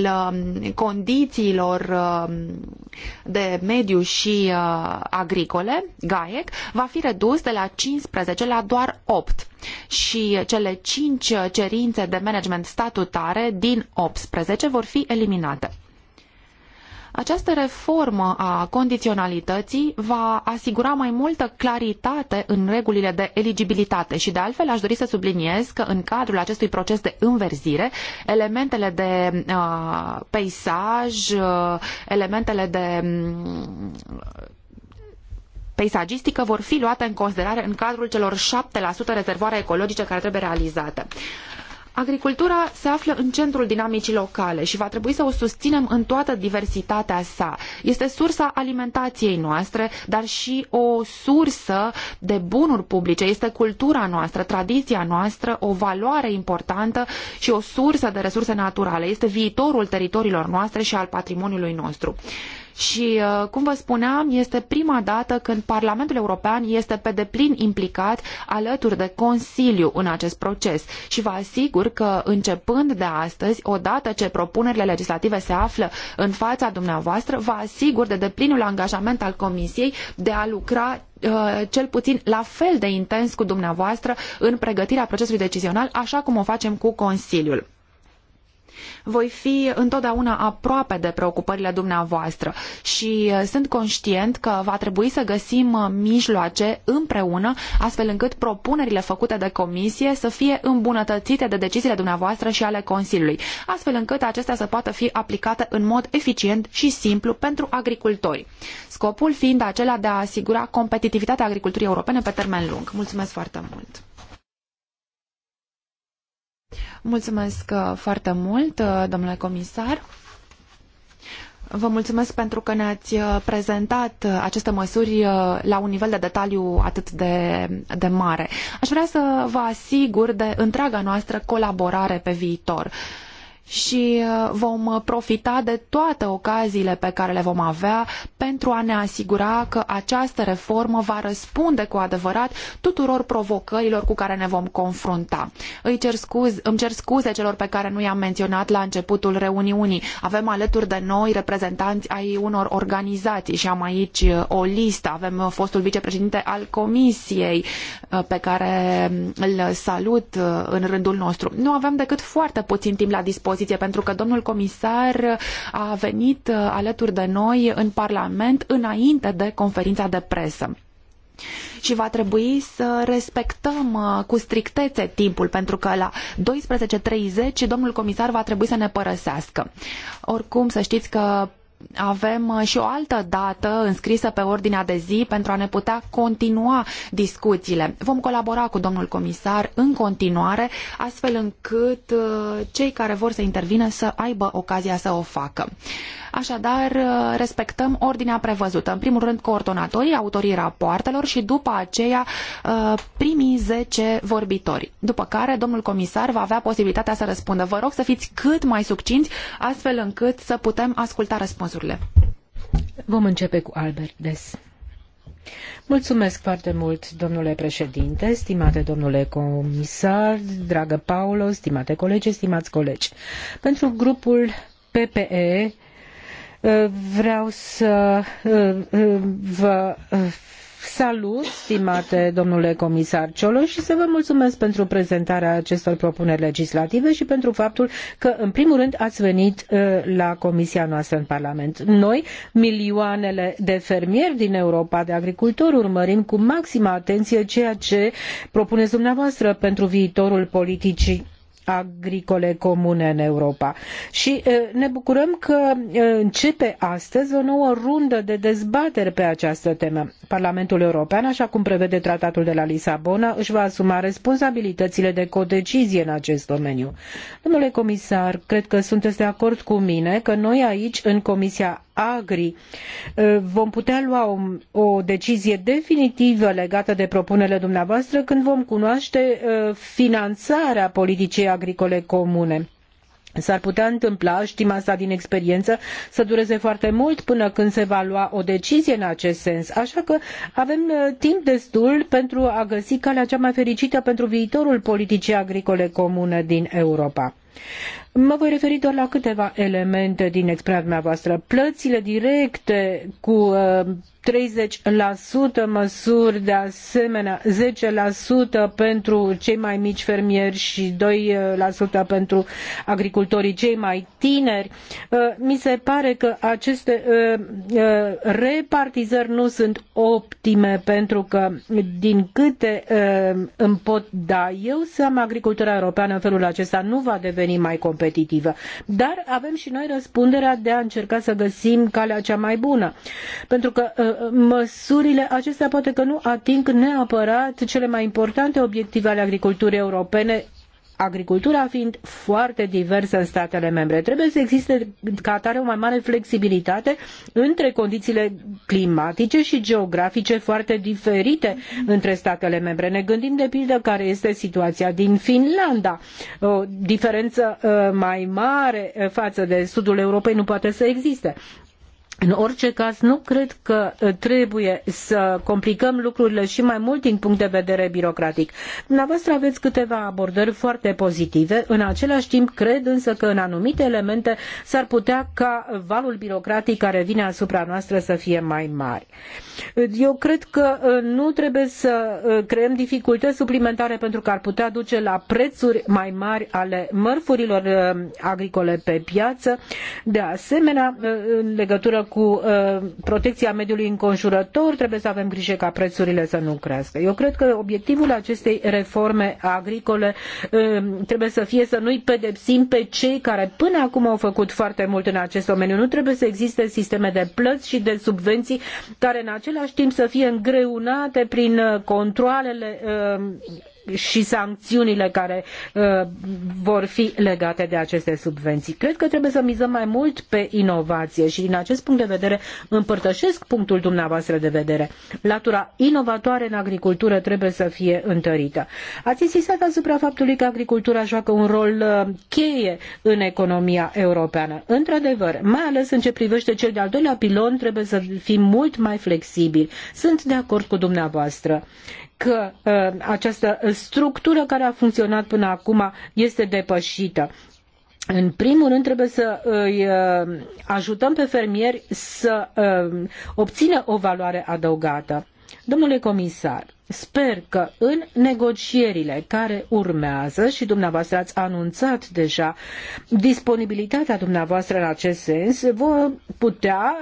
uh, condițiilor uh, de mediu și uh, agricole, GAEC, va fi redus de la 15 la doar 8 și cele 5 cerințe de management statutare din 18 vor fi eliminate. Această reformă a condiționalității va asigura mai multă claritate în regulile de eligibilitate și de altfel aș dori să subliniez că în cadrul acestui proces de înverzire, elementele de uh, peisaj, uh, elementele de um, peisagistică vor fi luate în considerare în cadrul celor 7% rezervoare ecologice care trebuie realizate. Agricultura se află în centrul dinamicii locale și va trebui să o susținem în toată diversitatea sa. Este sursa alimentației noastre, dar și o sursă de bunuri publice. Este cultura noastră, tradiția noastră, o valoare importantă și o sursă de resurse naturale. Este viitorul teritoriilor noastre și al patrimoniului nostru. Și, uh, cum vă spuneam, este prima dată când Parlamentul European este pe deplin implicat alături de Consiliu în acest proces și vă asigur că, începând de astăzi, odată ce propunerile legislative se află în fața dumneavoastră, vă asigur de deplinul angajament al Comisiei de a lucra uh, cel puțin la fel de intens cu dumneavoastră în pregătirea procesului decizional, așa cum o facem cu Consiliul. Voi fi întotdeauna aproape de preocupările dumneavoastră și uh, sunt conștient că va trebui să găsim uh, mijloace împreună, astfel încât propunerile făcute de comisie să fie îmbunătățite de deciziile dumneavoastră și ale Consiliului, astfel încât acestea să poată fi aplicate în mod eficient și simplu pentru agricultori. Scopul fiind acela de a asigura competitivitatea agriculturii europene pe termen lung. Mulțumesc foarte mult! Mulțumesc uh, foarte mult, uh, domnule comisar. Vă mulțumesc pentru că ne-ați uh, prezentat aceste măsuri la un nivel de detaliu atât de, de mare. Aș vrea să vă asigur de întreaga noastră colaborare pe viitor. Uh, și uh, vom profita de toate ocaziile pe care le vom avea pentru a ne asigura că această reformă va răspunde cu adevărat tuturor provocărilor cu care ne vom confrunta. Îi cer scuz, îmi cer scuze celor pe care nu i-am menționat la începutul reuniunii. Avem alături de noi reprezentanți ai unor organizații și am aici uh, o listă. Avem uh, fostul vicepreședinte al Comisiei pe care um, îl salut în rândul nostru. Nu avem decât foarte puțin timp la dispoziție dispoziție, pentru că domnul comisar a venit uh, alături de noi în Parlament înainte de conferința de presă și va trebui să respectăm uh, cu strictețe timpul, pentru că la 12.30 domnul comisar va trebui să ne părăsească. Oricum, să știți că avem uh, și o altă dată înscrisă pe ordinea de zi pentru a ne putea continua discuțiile. Vom colabora cu domnul comisar în continuare, astfel încât uh, cei care vor să intervină să aibă ocazia să o facă. Așadar, uh, respectăm ordinea prevăzută. În primul rând, coordonatorii, autorii rapoartelor și după aceea uh, primii zece vorbitori. După care, domnul comisar va avea posibilitatea să răspundă. Vă rog să fiți cât mai succinți, astfel încât să putem asculta răspunsurile. Vom începe cu Albert Des. Mulțumesc foarte mult, domnule președinte, stimate domnule comisar, dragă Paulo, stimate colegi, stimați colegi. Pentru grupul PPE Vreau să uh, uh, vă uh, salut, stimate domnule comisar Cioloș, și să vă mulțumesc pentru prezentarea acestor propuneri legislative și pentru faptul că, în primul rând, ați venit la comisia noastră în Parlament. Noi, milioanele de fermieri din Europa, de agricultori, urmărim cu maximă atenție ceea ce propuneți dumneavoastră pentru viitorul politicii agricole comune în Europa. Și ne bucurăm că începe astăzi o nouă rundă de dezbatere pe această temă. Parlamentul European, așa cum prevede tratatul de la Lisabona, își va asuma responsabilitățile de codecizie în acest domeniu. Domnule comisar, cred că sunteți de acord cu mine că noi aici, în Comisia Agri ă, vom putea lua o, o decizie definitivă legată de propunerile dumneavoastră când vom cunoaște ă, finanțarea politicii agricole comune. S-ar putea întâmpla, știm asta din experiență, să dureze foarte mult până când se va lua o decizie în acest sens. Așa că avem ă, timp destul pentru a găsi calea cea mai fericită pentru viitorul politicii agricole comune din Europa. Mă voi referi doar la câteva elemente din expunerea voastră. Plățile directe cu 30% uh, măsuri, de asemenea 10% pentru cei mai mici fermieri și 2% pentru agricultorii cei mai tineri. Uh, mi se pare că aceste uh, repartizări nu sunt optime pentru că din câte îmi pot da eu seama, agricultura europeană în felul acesta nu va deveni deveni mai competitivă. Dar avem și noi răspunderea de a încerca să găsim calea cea mai bună. Pentru că uh, măsurile acestea poate că nu ating neapărat cele mai importante obiective ale agriculturii europene agricultura fiind foarte diversă în statele membre. Trebuie să existe ca atare o mai mare flexibilitate între condițiile climatice și geografice foarte diferite între statele membre. Ne gândim de pildă care este situația din Finlanda. O diferență uh, mai mare uh, față de sudul Europei nu poate să existe. În orice caz, nu cred că uh, trebuie să complicăm lucrurile și mai mult din punct de vedere birocratic. Dumneavoastră aveți câteva abordări foarte pozitive, în același timp cred însă că în anumite elemente s-ar putea ca valul birocratic care vine asupra noastră să fie mai mare. Eu cred că uh, nu trebuie să uh, creăm dificultăți suplimentare pentru că ar putea duce la prețuri mai mari ale mărfurilor agricole pe piață. De asemenea, în legătură cu uh, protecția mediului înconjurător, trebuie să avem grijă ca prețurile să nu crească. Eu cred că obiectivul acestei reforme agricole um, trebuie să fie să nu-i pedepsim pe cei care până acum au făcut foarte mult în acest domeniu. Nu trebuie să existe sisteme de plăți și de subvenții care în același timp să fie îngreunate prin uh, controlele um, și sancțiunile care uh, vor fi legate de aceste subvenții. Cred că trebuie să mizăm mai mult pe inovație și din acest punct de vedere împărtășesc punctul dumneavoastră de vedere. Latura inovatoare în agricultură trebuie să fie întărită. Ați insistat asupra faptului că agricultura joacă un rol uh, cheie în economia europeană. Într-adevăr, mai ales în ce privește cel de-al doilea pilon, trebuie să fim mult mai flexibili. Sunt de acord cu dumneavoastră că uh, această structură care a funcționat până acum este depășită. În primul rând trebuie să îi uh, ajutăm pe fermieri să uh, obțină o valoare adăugată. Domnule comisar, Sper că în negocierile care urmează și dumneavoastră ați anunțat deja disponibilitatea dumneavoastră în acest sens, vă putea,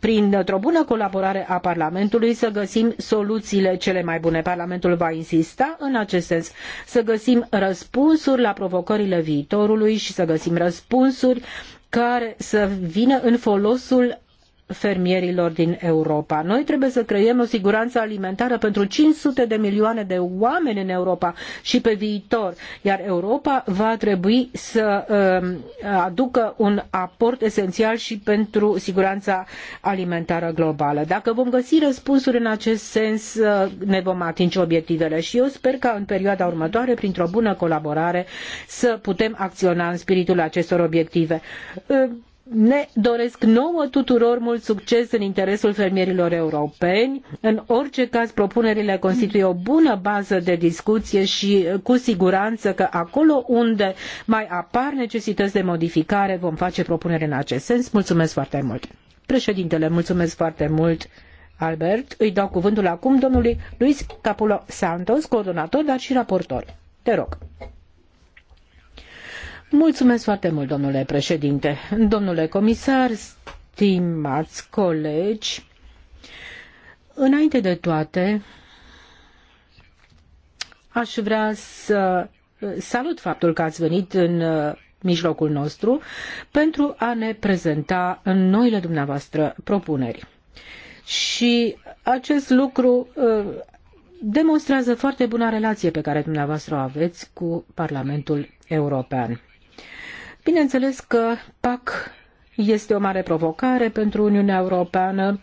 printr-o bună colaborare a Parlamentului, să găsim soluțiile cele mai bune. Parlamentul va insista în acest sens să găsim răspunsuri la provocările viitorului și să găsim răspunsuri care să vină în folosul fermierilor din Europa. Noi trebuie să creăm o siguranță alimentară pentru 500 de milioane de oameni în Europa și pe viitor, iar Europa va trebui să um, aducă un aport esențial și pentru siguranța alimentară globală. Dacă vom găsi răspunsuri în acest sens, uh, ne vom atinge obiectivele și eu sper ca în perioada următoare, printr-o bună colaborare, să putem acționa în spiritul acestor obiective. Uh, ne doresc nouă tuturor mult succes în interesul fermierilor europeni. În orice caz, propunerile constituie o bună bază de discuție și eh, cu siguranță că acolo unde mai apar necesități de modificare vom face propunere în acest sens. Mulțumesc foarte mult. Președintele, mulțumesc foarte mult. Albert, îi dau cuvântul acum domnului Luis Capulo Santos, coordonator, dar și raportor. Te rog. Mulțumesc foarte mult, domnule președinte, domnule comisar, stimați colegi. Înainte de toate, aș vrea să salut faptul că ați venit în uh, mijlocul nostru pentru a ne prezenta noile dumneavoastră propuneri. Și acest lucru uh, demonstrează foarte buna relație pe care dumneavoastră o aveți cu Parlamentul European. Bineînțeles că PAC este o mare provocare pentru Uniunea Europeană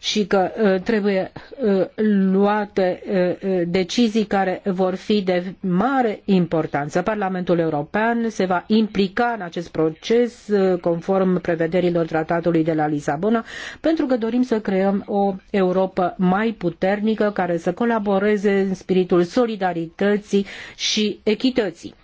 și că uh, trebuie uh, luate uh, decizii care vor fi de mare importanță. Parlamentul European se va implica în acest proces conform prevederilor tratatului de la Lisabona pentru că dorim să creăm o Europa mai puternică care să colaboreze în spiritul solidarității și echității.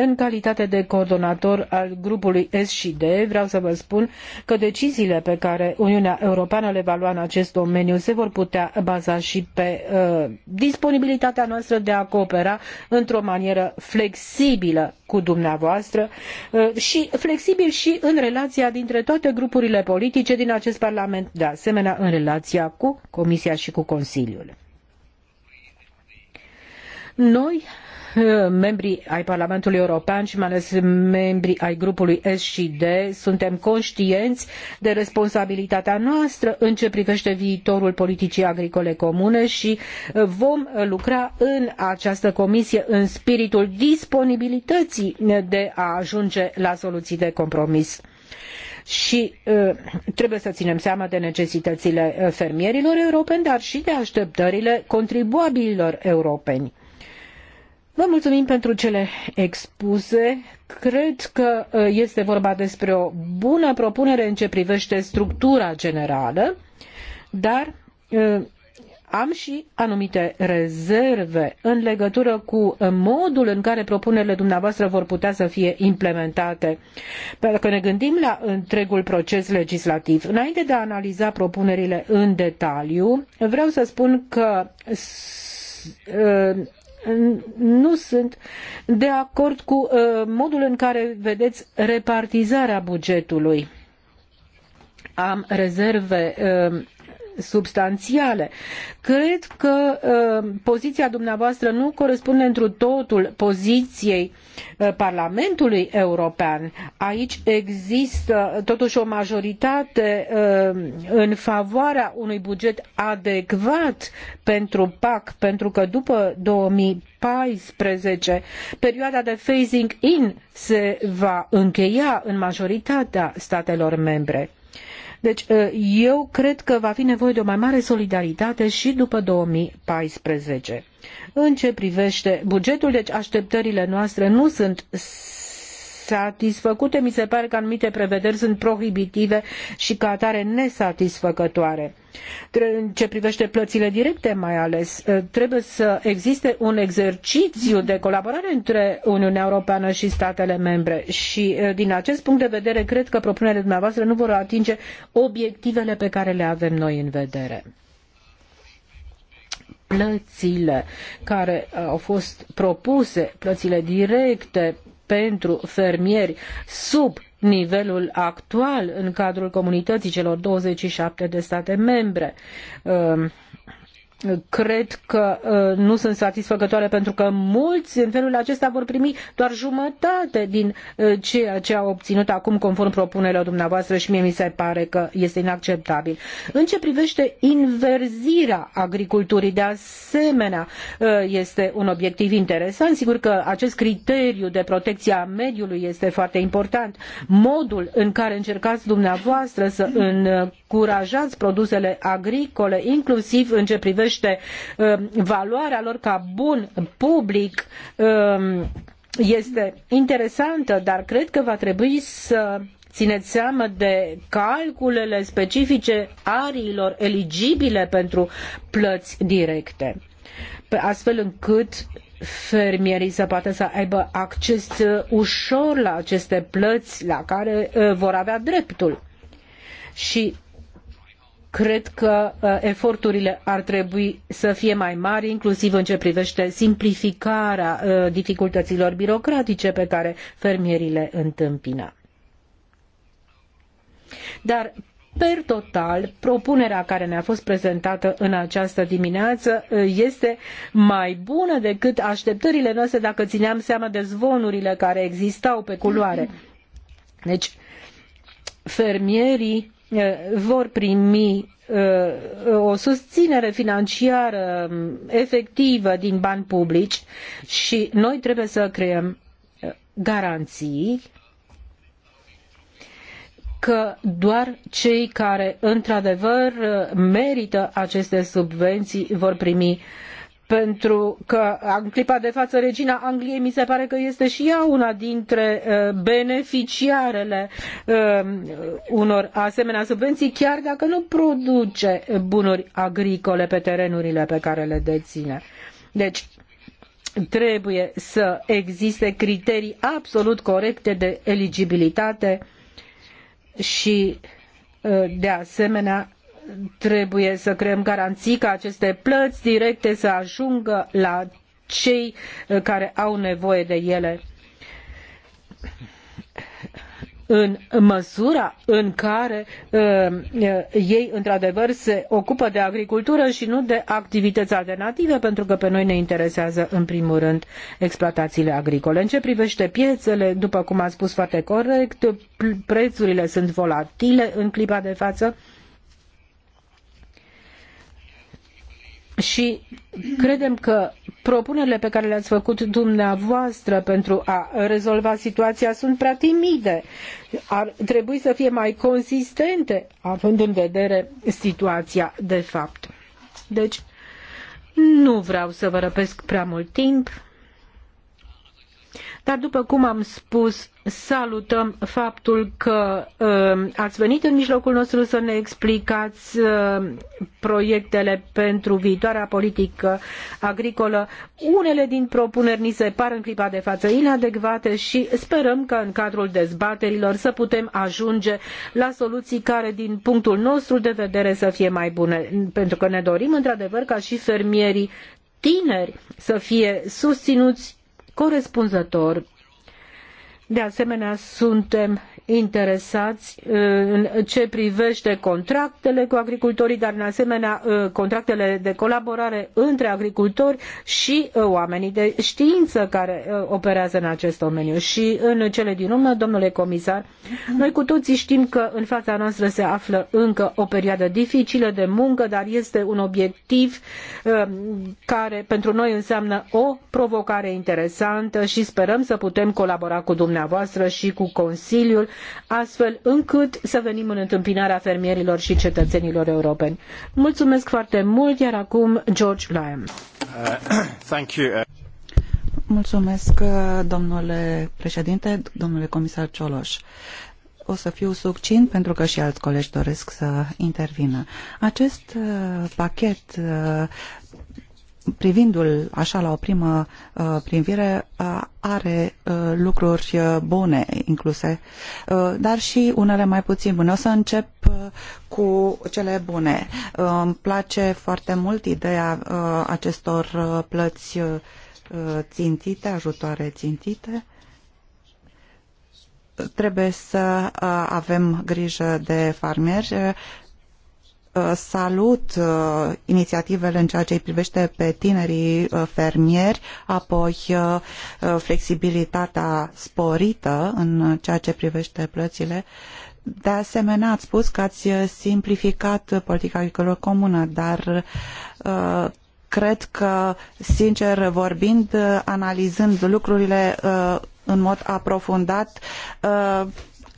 În calitate de coordonator al grupului S și D, vreau să vă spun că deciziile pe care Uniunea Europeană le va lua în acest domeniu se vor putea baza și pe uh, disponibilitatea noastră de a coopera într-o manieră flexibilă cu dumneavoastră uh, și flexibil și în relația dintre toate grupurile politice din acest Parlament, de asemenea în relația cu Comisia și cu Consiliul. Noi membrii ai Parlamentului European și mai ales membrii ai grupului S și D, suntem conștienți de responsabilitatea noastră în ce privește viitorul politicii agricole comune și uh, vom uh, lucra în această comisie în spiritul disponibilității de a ajunge la soluții de compromis și uh, trebuie să ținem seama de necesitățile fermierilor europeni, dar și de așteptările contribuabililor europeni. Vă mulțumim pentru cele expuse. Cred că uh, este vorba despre o bună propunere în ce privește structura generală, dar uh, am și anumite rezerve în legătură cu uh, modul în care propunerile dumneavoastră vor putea să fie implementate. Pentru că ne gândim la întregul proces legislativ. Înainte de a analiza propunerile în detaliu, vreau să spun că nu sunt de acord cu uh, modul în care vedeți repartizarea bugetului. Am rezerve uh, substanțiale. Cred că uh, poziția dumneavoastră nu corespunde întru totul poziției uh, Parlamentului European. Aici există totuși o majoritate uh, în favoarea unui buget adecvat pentru PAC, pentru că după 2014 perioada de phasing in se va încheia în majoritatea statelor membre. Deci uh, eu cred că va fi nevoie de o mai mare solidaritate și după 2014. În ce privește bugetul, deci așteptările noastre nu sunt satisfăcute. Mi se pare că anumite prevederi sunt prohibitive și ca atare nesatisfăcătoare. În ce privește plățile directe mai ales, ă, trebuie să existe un exercițiu de colaborare între Uniunea Europeană și statele membre și ă, din acest punct de vedere cred că propunerile dumneavoastră nu vor atinge obiectivele pe care le avem noi în vedere plățile care au fost propuse, plățile directe, pentru fermieri sub nivelul actual în cadrul comunității celor 27 de state membre. Uh, cred că uh, nu sunt satisfăcătoare pentru că mulți în felul acesta vor primi doar jumătate din uh, ceea ce au obținut acum conform propunerilor dumneavoastră și mie mi se pare că este inacceptabil. În ce privește inverzirea agriculturii, de asemenea, uh, este un obiectiv interesant. Sigur că acest criteriu de protecție a mediului este foarte important. Modul în care încercați dumneavoastră să în încurajați produsele agricole, inclusiv în ce privește um, valoarea lor ca bun public, um, este interesantă, dar cred că va trebui să țineți seama de calculele specifice ariilor eligibile pentru plăți directe, astfel încât fermierii să poată să aibă acces uh, ușor la aceste plăți la care uh, vor avea dreptul. Și cred că uh, eforturile ar trebui să fie mai mari, inclusiv în ce privește simplificarea uh, dificultăților birocratice pe care fermierii le întâmpină. Dar Per total, propunerea care ne-a fost prezentată în această dimineață uh, este mai bună decât așteptările noastre dacă țineam seama de zvonurile care existau pe culoare. Deci, fermierii Eh, vor primi eh, o susținere financiară efectivă din bani publici și noi trebuie să creăm eh, garanții că doar cei care într-adevăr merită aceste subvenții vor primi uh, pentru că în clipa de față regina Angliei mi se pare că este și ea una dintre uh, beneficiarele uh, unor asemenea subvenții, chiar dacă nu produce bunuri agricole pe terenurile pe care le deține. Deci, trebuie să existe criterii absolut corecte de eligibilitate și, uh, de asemenea, trebuie să creăm garanții ca aceste plăți directe să ajungă la cei uh, care au nevoie de ele. În măsura în care uh, uh, ei, într-adevăr, se ocupă de agricultură și nu de activități alternative, pentru că pe noi ne interesează, în primul rând, exploatațiile agricole. În ce privește piețele, după cum a spus foarte corect, prețurile sunt volatile în clipa de față. Uh, și credem că propunerile pe care le-ați făcut dumneavoastră pentru a rezolva situația sunt prea timide. Ar trebui să fie mai consistente, având în vedere situația de fapt. Deci, nu vreau să vă răpesc prea mult timp. Dar după cum am spus, salutăm faptul că uh, ați venit în mijlocul nostru să ne explicați uh, proiectele pentru viitoarea politică agricolă. Unele din propuneri ni se par în clipa de față inadecvate și sperăm că în cadrul dezbaterilor să putem ajunge la soluții care din punctul nostru de vedere să fie mai bune. Pentru că ne dorim într-adevăr ca și fermierii tineri să fie susținuți corespunzător. De asemenea, suntem interesați uh, în ce privește contractele cu agricultorii, dar în asemenea uh, contractele de colaborare între agricultori și uh, oamenii de știință care operează în acest domeniu. Și în cele din urmă, domnule comisar, noi cu toții știm că în fața noastră se află încă o perioadă dificilă de muncă, dar este un obiectiv care pentru noi înseamnă o provocare interesantă și sperăm să putem colabora cu dumneavoastră și cu Consiliul astfel încât să venim în întâmpinarea fermierilor și cetățenilor europeni. Mulțumesc foarte mult, iar acum George Lyon. Uh, [clears throat] uh. Mulțumesc, uh, domnule președinte, domnule comisar Cioloș. O să fiu succint pentru că și alți colegi doresc să intervină. Acest uh, pachet privindu-l așa la o primă uh, privire, uh, are uh, lucruri uh, bune incluse, uh, dar și unele mai puțin bune. O să încep uh, cu cele bune. Uh, îmi place foarte mult ideea uh, acestor uh, plăți uh, țintite, ajutoare țintite. Trebuie să uh, avem grijă de farmieri. Uh, Uh, salut uh, inițiativele în ceea ce îi privește pe tinerii uh, fermieri, apoi uh, uh, flexibilitatea sporită în ceea ce privește plățile. De asemenea, ați spus că ați simplificat politica agricolă comună, dar uh, cred că, sincer vorbind, analizând lucrurile în mod aprofundat,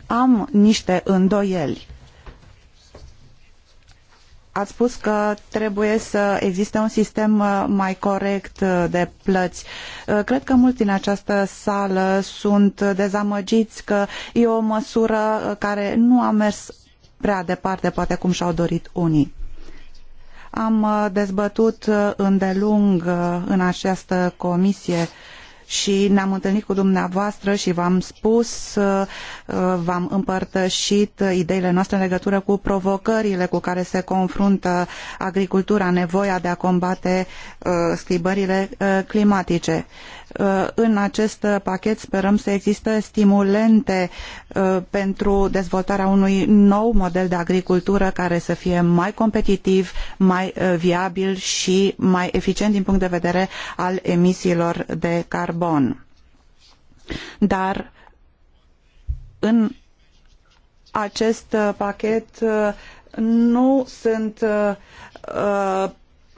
am niște îndoieli Ați spus că trebuie să existe un sistem uh, mai corect uh, de plăți. Uh, cred că mulți din această sală sunt dezamăgiți că e o măsură care nu a mers prea departe, poate cum și-au dorit unii. Am dezbătut îndelung în această comisie uh, și ne-am întâlnit cu dumneavoastră și v-am spus, uh, v-am împărtășit ideile noastre în legătură cu provocările cu care se confruntă agricultura, nevoia de a combate uh, schimbările uh, climatice. Uh, în acest pachet sperăm să existe stimulente uh, pentru dezvoltarea unui nou model de agricultură care să fie mai competitiv, mai uh, viabil și mai eficient din punct de vedere al emisiilor de carbon. Dar în acest pachet nu sunt uh,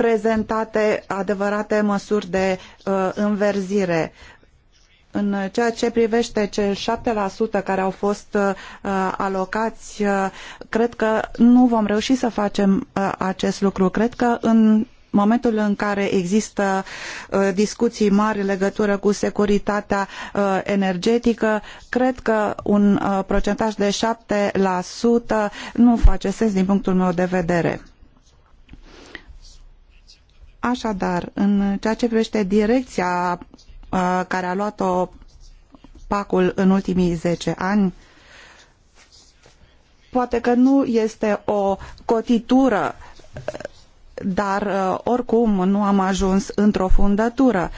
prezentate adevărate măsuri de uh, înverzire. În ceea ce privește cei 7% care au fost uh, alocați, uh, cred că nu vom reuși să facem uh, acest lucru. Cred că în momentul în care există uh, discuții mari în legătură cu securitatea uh, energetică, cred că un uh, procentaj de 7% nu face sens din punctul meu de vedere. Așadar, în ceea ce privește direcția uh, care a luat-o pacul în ultimii zece ani, poate că nu este o cotitură, dar uh, oricum nu am ajuns într-o fundătură.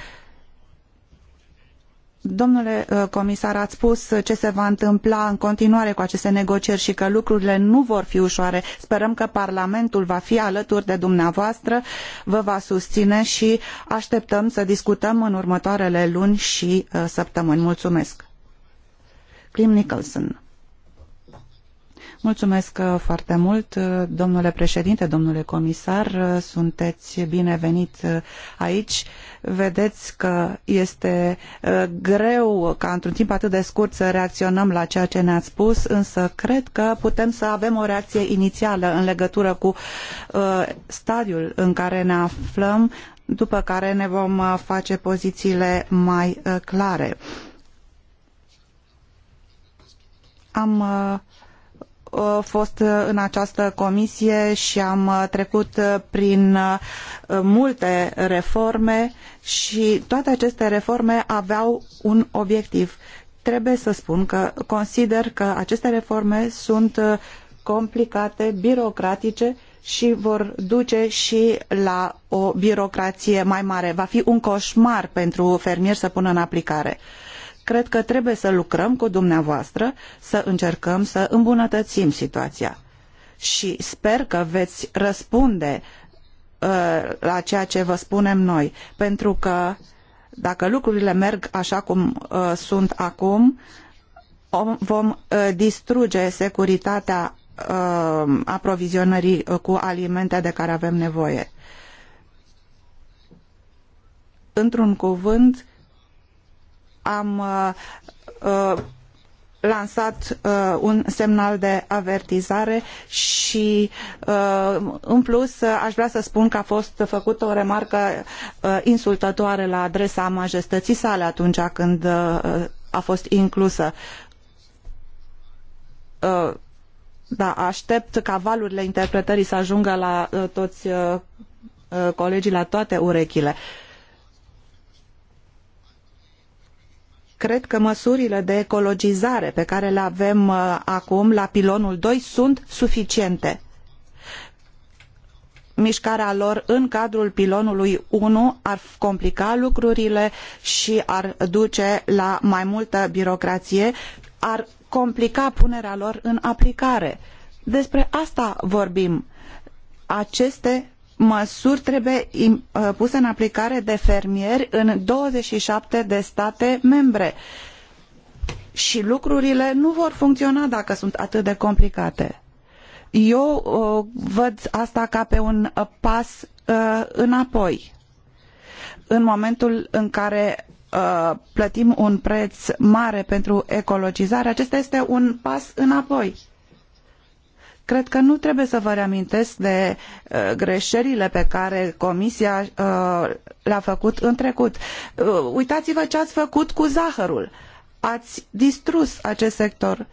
Domnule uh, comisar, ați spus ce se va întâmpla în continuare cu aceste negocieri și că lucrurile nu vor fi ușoare. Sperăm că Parlamentul va fi alături de dumneavoastră, vă va susține și așteptăm să discutăm în următoarele luni și uh, săptămâni. Mulțumesc! Clim Nicholson Mulțumesc uh, foarte mult, uh, domnule președinte, domnule comisar, uh, sunteți binevenit aici. Vedeți că este greu ca într-un timp atât de scurt să reacționăm la ceea ce ne-ați spus, însă cred că putem să avem o reacție inițială în legătură cu stadiul în care ne aflăm, după care ne vom face pozițiile mai clare. Am Uh, fost uh, în această comisie și am uh, trecut prin multe reforme și toate aceste reforme aveau un obiectiv. Trebuie să spun că consider că aceste reforme sunt complicate, birocratice și vor duce și la o birocrație mai mare. Va fi un coșmar pentru fermieri să pună în aplicare. Uh, Cred că trebuie să lucrăm cu dumneavoastră, să încercăm să îmbunătățim situația. Și sper că veți răspunde uh, la ceea ce vă spunem noi, pentru că dacă lucrurile merg așa cum uh, sunt acum, vom uh, distruge securitatea uh, aprovizionării uh, cu alimente de care avem nevoie. Într-un cuvânt, am uh, uh, lansat uh, un semnal de avertizare și în plus aș vrea să spun că a fost făcută o remarcă insultătoare la adresa majestății sale atunci când a fost inclusă. Da, aștept ca valurile interpretării să ajungă la toți colegii, la toate urechile. Uh, cred că măsurile de ecologizare pe care le avem uh, acum la pilonul 2 sunt suficiente. Mișcarea lor în cadrul pilonului 1 ar complica lucrurile și ar duce la mai multă birocrație, ar complica punerea lor în aplicare. Despre asta vorbim. Aceste măsuri trebuie uh, puse în aplicare de fermieri în 27 de state membre. Și lucrurile nu vor funcționa dacă sunt atât de complicate. Eu uh, văd asta ca pe un uh, pas uh, înapoi. În momentul în care uh, plătim un preț mare pentru ecologizare, acesta este un pas înapoi Cred că nu trebuie să vă reamintesc de uh, greșelile pe care Comisia uh, le-a făcut în trecut. Uh, uitați-vă ce ați făcut cu zahărul. Ați distrus acest sector.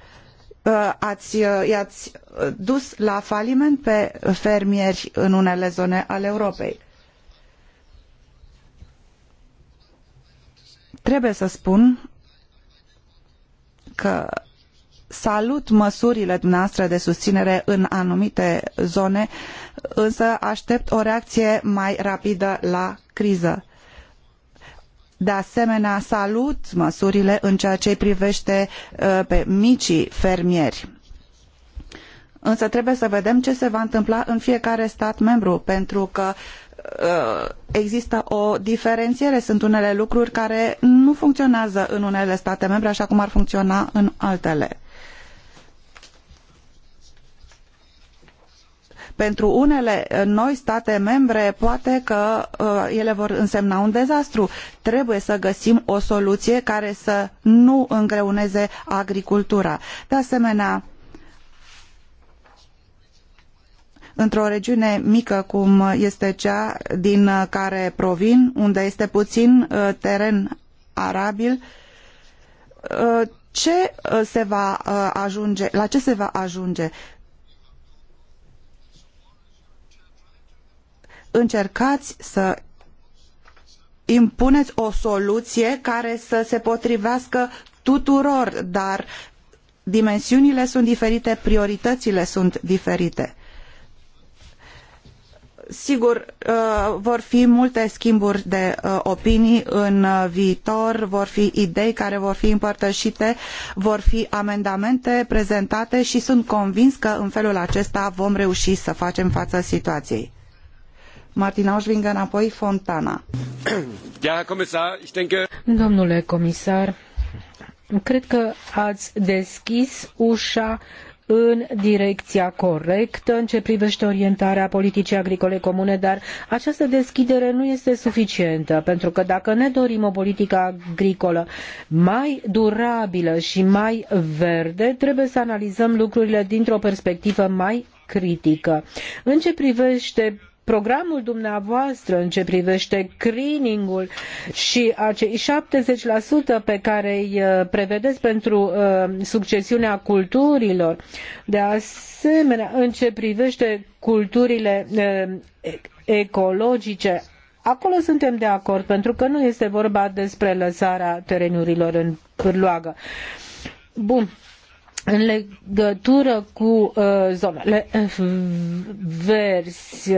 Uh, ați, uh, i-ați uh, dus la faliment pe fermieri în unele zone ale Europei. Trebuie să spun că salut măsurile dumneavoastră de susținere în anumite zone, însă aștept o reacție mai rapidă la criză. De asemenea, salut măsurile în ceea ce privește uh, pe micii fermieri. Însă trebuie să vedem ce se va întâmpla în fiecare stat membru, pentru că uh, există o diferențiere. Sunt unele lucruri care nu funcționează în unele state membre așa cum ar funcționa în altele. Pentru unele uh, noi state membre, poate că uh, ele vor însemna un dezastru. Trebuie să găsim o soluție care să nu îngreuneze agricultura. De asemenea, într-o regiune mică cum este cea din uh, care provin, unde este puțin teren arabil, ce se va ajunge, la ce se va ajunge? încercați să impuneți o soluție care să se potrivească tuturor, dar dimensiunile sunt diferite, prioritățile sunt diferite. Sigur, uh, vor fi multe schimburi de uh, opinii în uh, viitor, vor fi idei care vor fi împărtășite, vor fi amendamente prezentate și sunt convins că în felul acesta vom reuși să facem față situației. Domnule comisar, cred că ați deschis ușa în direcția corectă în ce privește orientarea politicii agricole comune, dar această deschidere nu este suficientă, pentru că dacă ne dorim o politică agricolă mai durabilă și mai verde, trebuie să analizăm lucrurile dintr-o perspectivă mai critică. În ce privește programul dumneavoastră în ce privește cleaning-ul și acei 70% pe care îi uh, prevedeți pentru uh, succesiunea culturilor, de asemenea, în ce privește culturile uh, ecologice, Acolo suntem de acord, pentru că nu este vorba despre lăsarea terenurilor în pârloagă. Bun, în legătură cu uh, zonele verzi,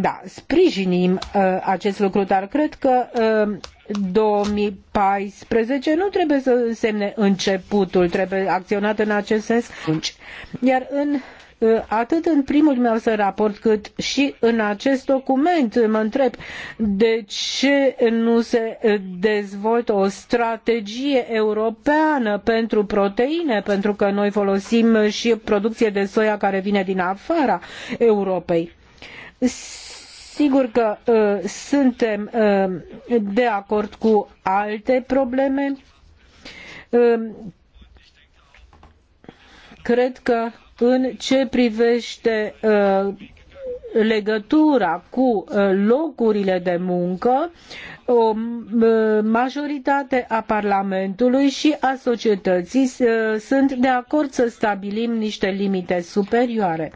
da, sprijinim uh, acest lucru, dar cred că uh, 2014 nu trebuie să însemne începutul, trebuie acționat în acest sens. Mm. Deci, iar în Ă, atât în primul meu raport cât și în acest document. Mă întreb de ce nu se dezvoltă o strategie europeană pentru proteine, pentru că noi folosim și producție de soia care vine din afara Europei. Sigur că uh, suntem uh, de acord cu alte probleme. Uh, cred că în ce privește uh, legătura cu uh, locurile de muncă, o uh, majoritate a Parlamentului și a societății sunt de acord să stabilim niște limite superioare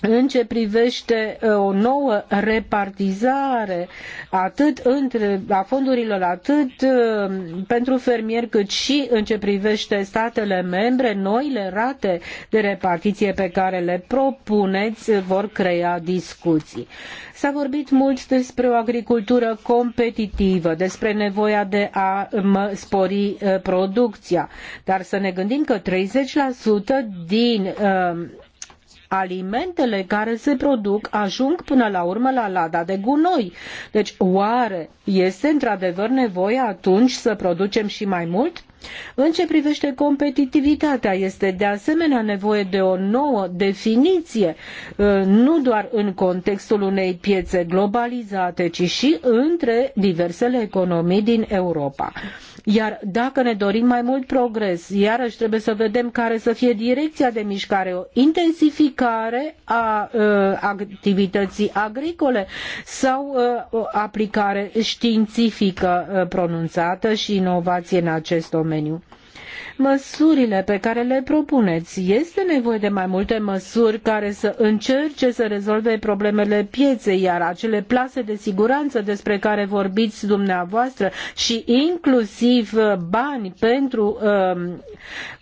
în ce privește uh, o nouă repartizare atât între, a fondurilor atât uh, pentru fermieri cât și în ce privește statele membre, noile rate de repartiție pe care le propuneți uh, vor crea discuții. S-a vorbit mult despre o agricultură competitivă, despre nevoia de a spori producția, dar să ne gândim că 30% din alimentele care se produc ajung până la urmă la lada de gunoi. Deci, oare este într-adevăr nevoie atunci să producem și mai mult? În ce privește competitivitatea, este de asemenea nevoie de o nouă definiție, uh, nu doar în contextul unei piețe globalizate, ci și între diversele economii din Europa. Iar dacă ne dorim mai mult progres, iarăși trebuie să vedem care să fie direcția de mișcare, o intensificare a uh, activității agricole sau uh, o aplicare științifică uh, pronunțată și inovație în acest domeniu domeniu. Măsurile pe care le propuneți, este nevoie de mai multe măsuri care să încerce să rezolve problemele pieței, iar acele plase de siguranță despre care vorbiți dumneavoastră și inclusiv uh, bani pentru um,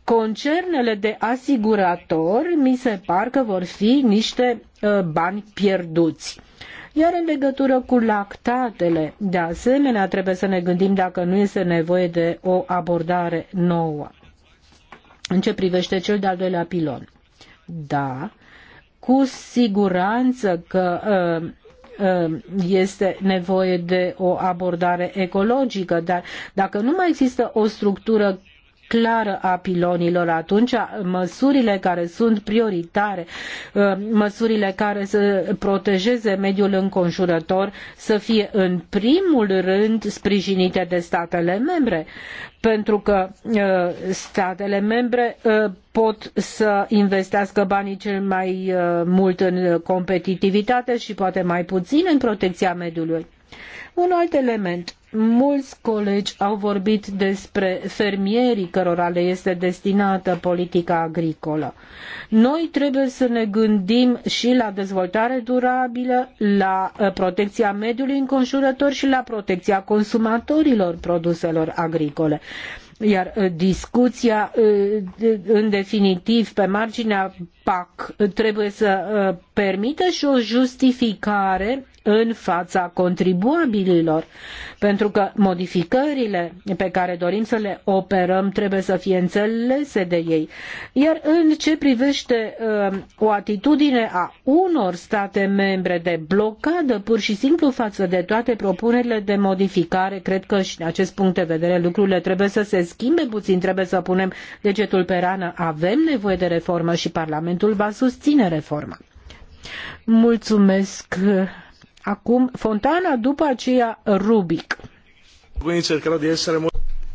concernele de asigurator, mi se par că vor fi niște uh, bani pierduți. Iar în legătură cu lactatele, de asemenea, trebuie să ne gândim dacă nu este nevoie de o abordare nouă. În ce privește cel de-al doilea pilon. Da, cu siguranță că uh, este nevoie de o abordare ecologică, dar dacă nu mai există o structură clară a pilonilor, atunci măsurile care sunt prioritare, ă, măsurile care să protejeze mediul înconjurător, să fie în primul rând sprijinite de statele membre, pentru că ă, statele membre ă, pot să investească banii cel mai mult în competitivitate și poate mai puțin în protecția mediului. Un alt element. Mulți colegi au vorbit despre fermierii cărora le este destinată politica agricolă. Noi trebuie să ne gândim și la dezvoltare durabilă, la uh, protecția mediului înconjurător și la protecția consumatorilor produselor agricole iar uh, discuția uh, în definitiv pe marginea PAC trebuie să permită și o justificare în fața contribuabililor, pentru că modificările pe care dorim să le operăm trebuie să fie înțelese de ei. Iar în ce privește uh, o atitudine a unor state membre de blocadă pur și simplu față de toate propunerile de modificare, cred că și din acest punct de vedere lucrurile trebuie să se schimbe puțin, trebuie să punem degetul pe rană. Avem nevoie de reformă și Parlamentul va susține reforma. Mulțumesc Acum Fontana, după aceea Rubic.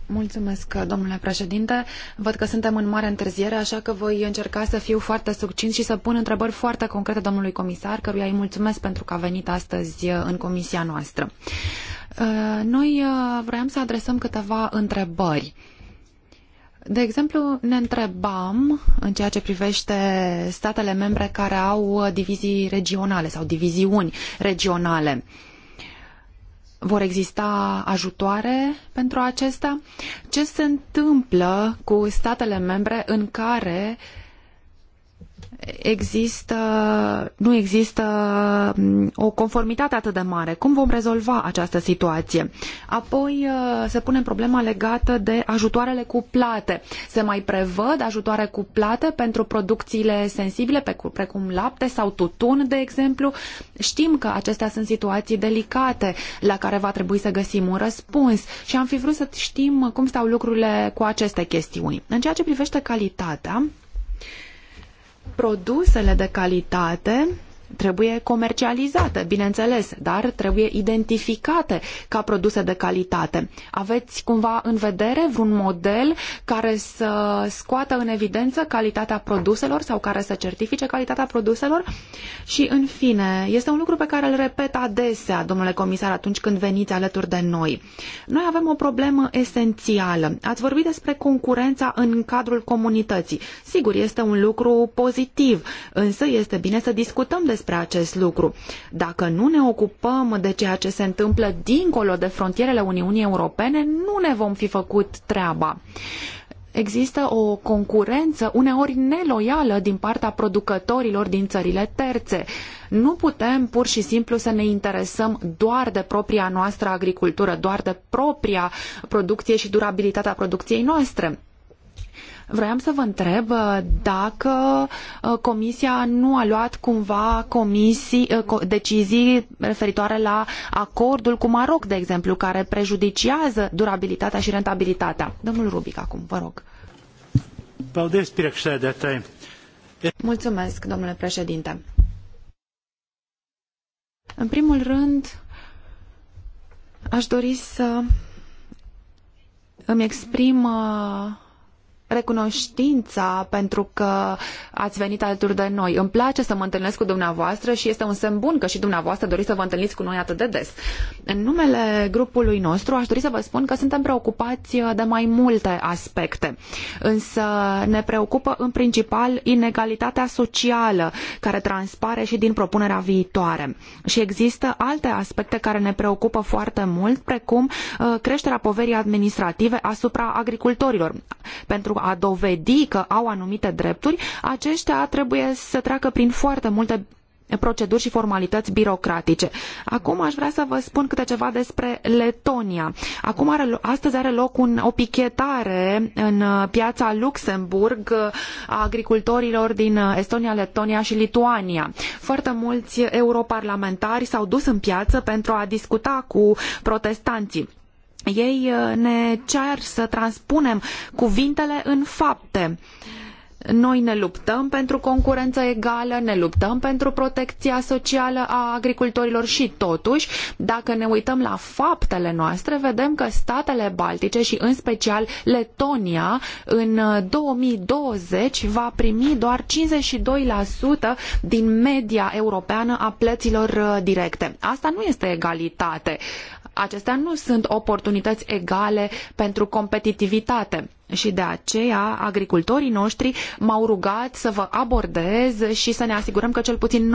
Mulțumesc, domnule președinte. Văd că suntem în mare întârziere, așa că voi încerca să fiu foarte succint și să pun întrebări foarte concrete domnului comisar, căruia îi mulțumesc pentru că a venit astăzi uh, în comisia noastră. Uh, noi uh, vreau să adresăm câteva întrebări de exemplu, ne întrebam în ceea ce privește statele membre care au divizii regionale sau diviziuni regionale. Vor exista ajutoare pentru acestea? Ce se întâmplă cu statele membre în care uh, există, nu există mm, o conformitate atât de mare. Cum vom rezolva această situație? Apoi uh, se pune problema legată de ajutoarele cu cuplate. Se mai prevăd ajutoare cu cuplate pentru producțiile sensibile, precum lapte sau tutun, de exemplu. Știm că acestea sunt situații delicate la care va trebui să găsim un răspuns și am fi vrut să știm cum stau lucrurile cu aceste chestiuni. În ceea ce privește calitatea, produsele de calitate Trebuie comercializată, bineînțeles, dar trebuie identificate ca produse de calitate. Aveți cumva în vedere vreun model care să scoată în evidență calitatea produselor sau care să certifice calitatea produselor? Și, în fine, este un lucru pe care îl repet adesea, domnule comisar, atunci când veniți alături de noi. Noi avem o problemă esențială. Ați vorbit despre concurența în cadrul comunității. Sigur, este un lucru pozitiv, însă este bine să discutăm despre despre acest lucru. Dacă nu ne ocupăm de ceea ce se întâmplă dincolo de frontierele Uniunii Europene, nu ne vom fi făcut treaba există o concurență uneori neloială din partea producătorilor din țările terțe. Nu putem pur și simplu să ne interesăm doar de propria noastră agricultură, doar de propria producție și durabilitatea producției noastre Vroiam să vă întreb uh, dacă uh, Comisia nu a luat cumva comisii, uh, decizii referitoare la acordul cu Maroc, de exemplu, care prejudiciază durabilitatea și rentabilitatea. Domnul Rubic, acum, vă rog. Mulțumesc, domnule președinte. În primul rând, aș dori să îmi exprim recunoștința pentru că ați venit alături de noi. Îmi place să mă întâlnesc cu dumneavoastră și este un semn bun că și dumneavoastră doriți să vă întâlniți cu noi atât de des. În numele grupului nostru aș dori să vă spun că suntem preocupați de mai multe aspecte, însă ne preocupă în principal inegalitatea socială care transpare și din propunerea viitoare. Și există alte aspecte care ne preocupă foarte mult, precum uh, creșterea poverii administrative asupra agricultorilor. Pentru a dovedi că au anumite drepturi, aceștia trebuie să treacă prin foarte multe proceduri și formalități birocratice. Acum aș vrea să vă spun câte ceva despre Letonia. Acum are, astăzi are loc un, o pichetare în uh, piața Luxemburg uh, a agricultorilor din uh, Estonia, Letonia și Lituania. Foarte mulți europarlamentari s-au dus în piață pentru a discuta cu protestanții ei uh, ne cer să transpunem cuvintele în fapte. Noi ne luptăm pentru concurență egală, ne luptăm pentru protecția socială a agricultorilor și totuși, dacă ne uităm la faptele noastre, vedem că statele baltice și în special Letonia în 2020 uh, va primi doar 52% din media europeană a plăților uh, directe. Asta nu este egalitate. Acestea nu sunt oportunități egale pentru competitivitate. Și de aceea agricultorii noștri m-au rugat să vă abordez și să ne asigurăm că cel puțin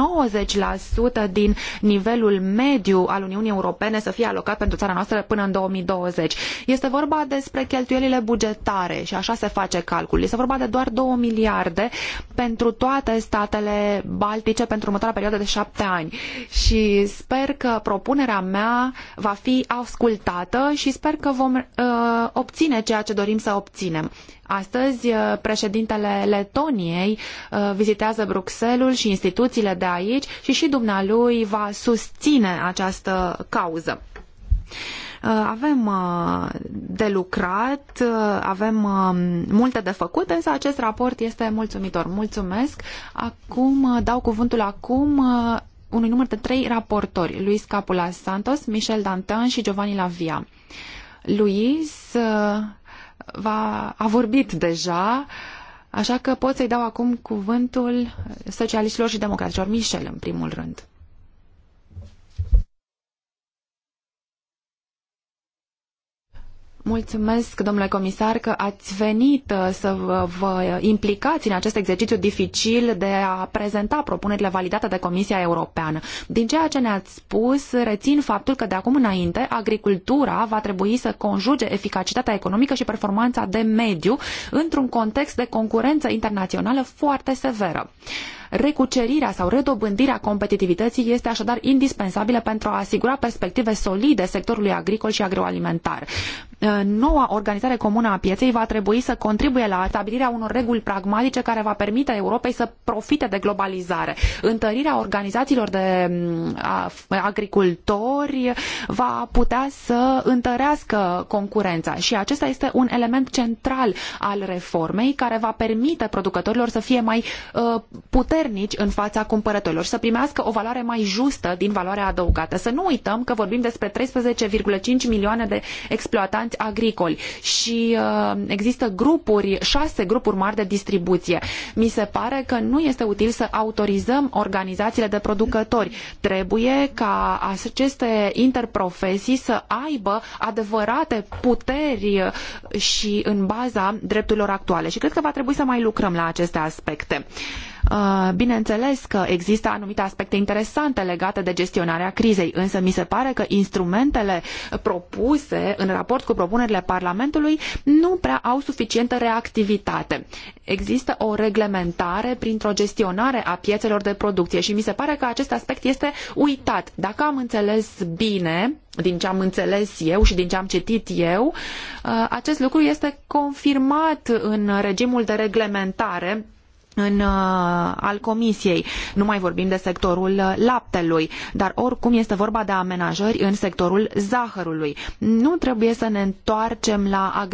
90% din nivelul mediu al Uniunii Europene să fie alocat pentru țara noastră până în 2020. Este vorba despre cheltuielile bugetare și așa se face calculul. Este vorba de doar 2 miliarde pentru toate statele baltice pentru următoarea perioadă de 7 ani. Și sper că propunerea mea va fi ascultată și sper că vom uh, obține ceea ce dorim să obținem susținem. Astăzi, uh, președintele Letoniei uh, vizitează Bruxelles și instituțiile de aici și și dumnealui va susține această cauză uh, avem de lucrat, avem multe de făcut, însă acest raport este mulțumitor. Mulțumesc. Acum dau cuvântul acum unui număr de trei raportori, Luis Capula Santos, Michel Dantin și Giovanni Lavia. Luis, va, a vorbit deja, așa că pot să-i dau acum cuvântul socialiștilor și democraților. Michel, în primul rând. Mulțumesc, domnule comisar, că ați venit uh, să vă implicați în acest exercițiu dificil de a prezenta propunerile validate de Comisia Europeană. Din ceea ce ne-ați spus, rețin faptul că de acum înainte agricultura va trebui să conjuge eficacitatea economică și performanța de mediu într-un context de concurență internațională foarte severă. Recucerirea sau redobândirea competitivității este așadar indispensabilă pentru a asigura perspective solide sectorului agricol și agroalimentar. Uh, noua organizare comună a pieței va trebui să contribuie la stabilirea unor reguli pragmatice care va permite Europei să profite de globalizare. Întărirea organizațiilor de mm, agricultori va putea să întărească concurența și acesta este un element central al reformei care va permite producătorilor să fie mai uh, puternici în fața cumpărătorilor și să primească o valoare mai justă din valoarea adăugată. Să nu uităm că vorbim despre 13,5 milioane de exploatanți comercianți agricoli și uh, există grupuri, șase grupuri mari de distribuție. Mi se pare că nu este util să autorizăm organizațiile de producători. Trebuie ca aceste interprofesii să aibă adevărate puteri și în baza drepturilor actuale. Și cred că va trebui să mai lucrăm la aceste aspecte. Ah, bineînțeles că există anumite aspecte interesante legate de gestionarea crizei, însă mi se pare că instrumentele propuse în raport cu propunerile Parlamentului nu prea au suficientă reactivitate. Există o reglementare printr-o gestionare a piețelor de producție și mi se pare că acest aspect este uitat. Dacă am înțeles bine, din ce am înțeles eu și din ce am citit eu, ah, acest lucru este confirmat în regimul de reglementare în, uh, al comisiei. Nu mai vorbim de sectorul uh, laptelui, dar oricum este vorba de amenajări în sectorul zahărului. Nu trebuie să ne întoarcem la,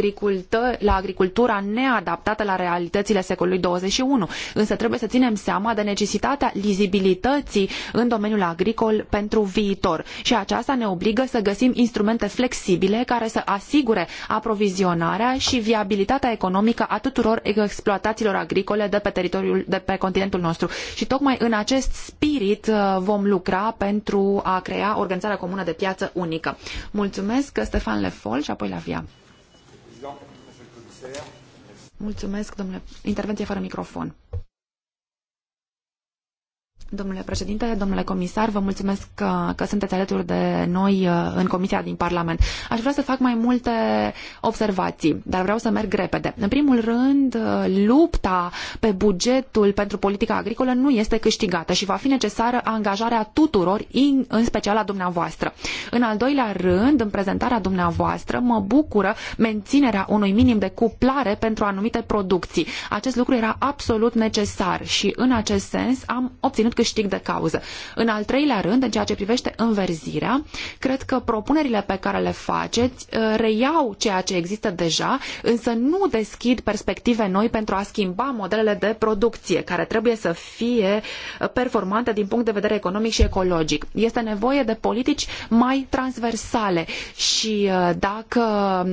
la agricultura neadaptată la realitățile secolului 21, însă trebuie să ținem seama de necesitatea lizibilității în domeniul agricol pentru viitor. Și aceasta ne obligă să găsim instrumente flexibile care să asigure aprovizionarea și viabilitatea economică a tuturor exploatațiilor agricole de pe teritoriul teritoriul, de pe continentul nostru. Și tocmai în acest spirit uh, vom lucra pentru a crea organizarea comună de piață unică. Mulțumesc, Stefan Lefol și apoi la via. Mulțumesc, domnule. Intervenție fără microfon. Domnule președinte, domnule comisar, vă mulțumesc că, că sunteți alături de noi uh, în Comisia din Parlament. Aș vrea să fac mai multe observații, dar vreau să merg repede. În primul rând, uh, lupta pe bugetul pentru politica agricolă nu este câștigată și va fi necesară angajarea tuturor, în special a dumneavoastră. În al doilea rând, în prezentarea dumneavoastră, mă bucură menținerea unui minim de cuplare pentru anumite producții. Acest lucru era absolut necesar și în acest sens am obținut câștig de cauză. În al treilea rând, în ceea ce privește înverzirea, cred că propunerile pe care le faceți uh, reiau ceea ce există deja, însă nu deschid perspective noi pentru a schimba modelele de producție, care trebuie să fie uh, performante din punct de vedere economic și ecologic. Este nevoie de politici mai transversale și uh, dacă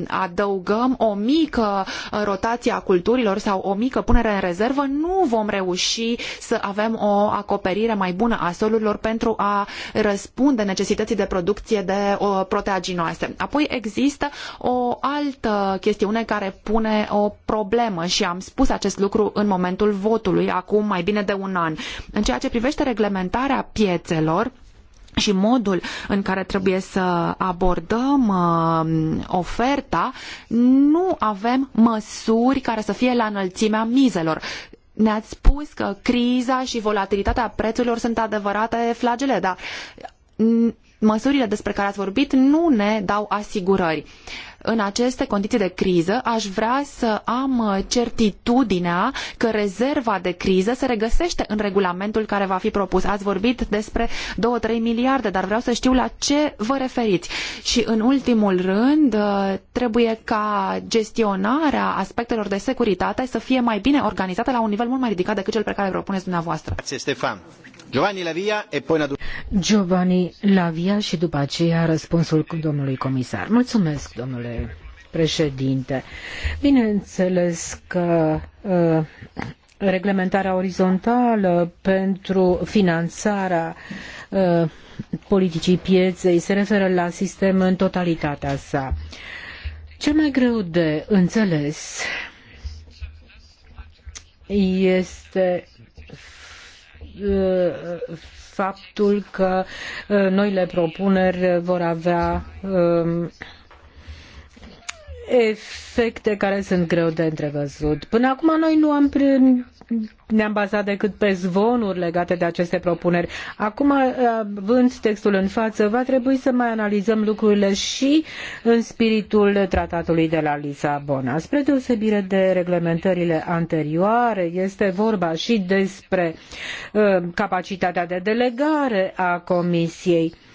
adăugăm o mică rotație a culturilor sau o mică punere în rezervă, nu vom reuși să avem o acoperire acoperire mai bună a solurilor pentru a răspunde necesității de producție de proteaginoase. Apoi există o altă chestiune care pune o problemă și am spus acest lucru în momentul votului acum mai bine de un an. În ceea ce privește reglementarea piețelor, și modul în care trebuie să abordăm uh, oferta, nu avem măsuri care să fie la înălțimea mizelor. Ne-ați spus că criza și volatilitatea prețurilor sunt adevărate flagele, dar măsurile despre care ați vorbit nu ne dau asigurări. În aceste condiții de criză, aș vrea să am uh, certitudinea că rezerva de criză se regăsește în regulamentul care va fi propus. Ați vorbit despre 2-3 miliarde, dar vreau să știu la ce vă referiți. Și în ultimul rând, uh, trebuie ca gestionarea aspectelor de securitate să fie mai bine organizată la un nivel mult mai ridicat decât cel pe care îl propuneți dumneavoastră. Giovanni Lavia e poi Giovanni Lavia și după aceea răspunsul domnului comisar. Mulțumesc, domnule domnule președinte. Bineînțeles că uh, reglementarea orizontală pentru finanțarea uh, politicii pieței se referă la sistem în totalitatea sa. Cel mai greu de înțeles este uh, faptul că noile propuneri vor avea um, efecte care sunt greu de întrevăzut. Până acum noi nu am ne-am bazat decât pe zvonuri legate de aceste propuneri. Acum, având textul în față, va trebui să mai analizăm lucrurile și în spiritul tratatului de la Lisabona. Spre deosebire de reglementările anterioare, este vorba și despre uh, capacitatea de delegare a Comisiei. Uh,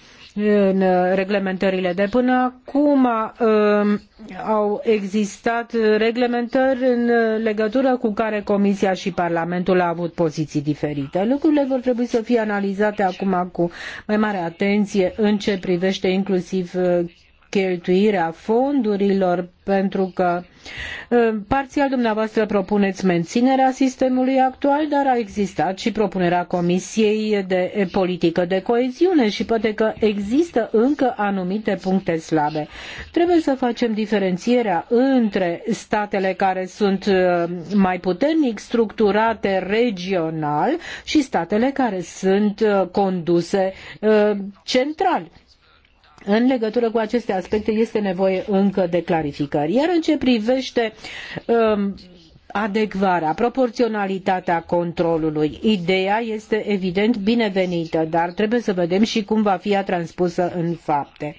în uh, reglementările de până acum um, au existat reglementări în uh, legătură cu care Comisia și Parlamentul au avut poziții diferite. Lucrurile vor trebui să fie analizate acum cu mai mare atenție în ce privește inclusiv uh, cheltuirea fondurilor, pentru că ă, parțial dumneavoastră propuneți menținerea sistemului actual, dar a existat și propunerea Comisiei de politică de coeziune și poate că există încă anumite puncte slabe. Trebuie să facem diferențierea între statele care sunt ă, mai puternic structurate regional și statele care sunt ă, conduse central în legătură cu aceste aspecte este nevoie încă de clarificări. Iar în ce privește um, adecvarea, proporționalitatea controlului. Ideea este evident binevenită, dar trebuie să vedem și cum va fi ea transpusă în fapte.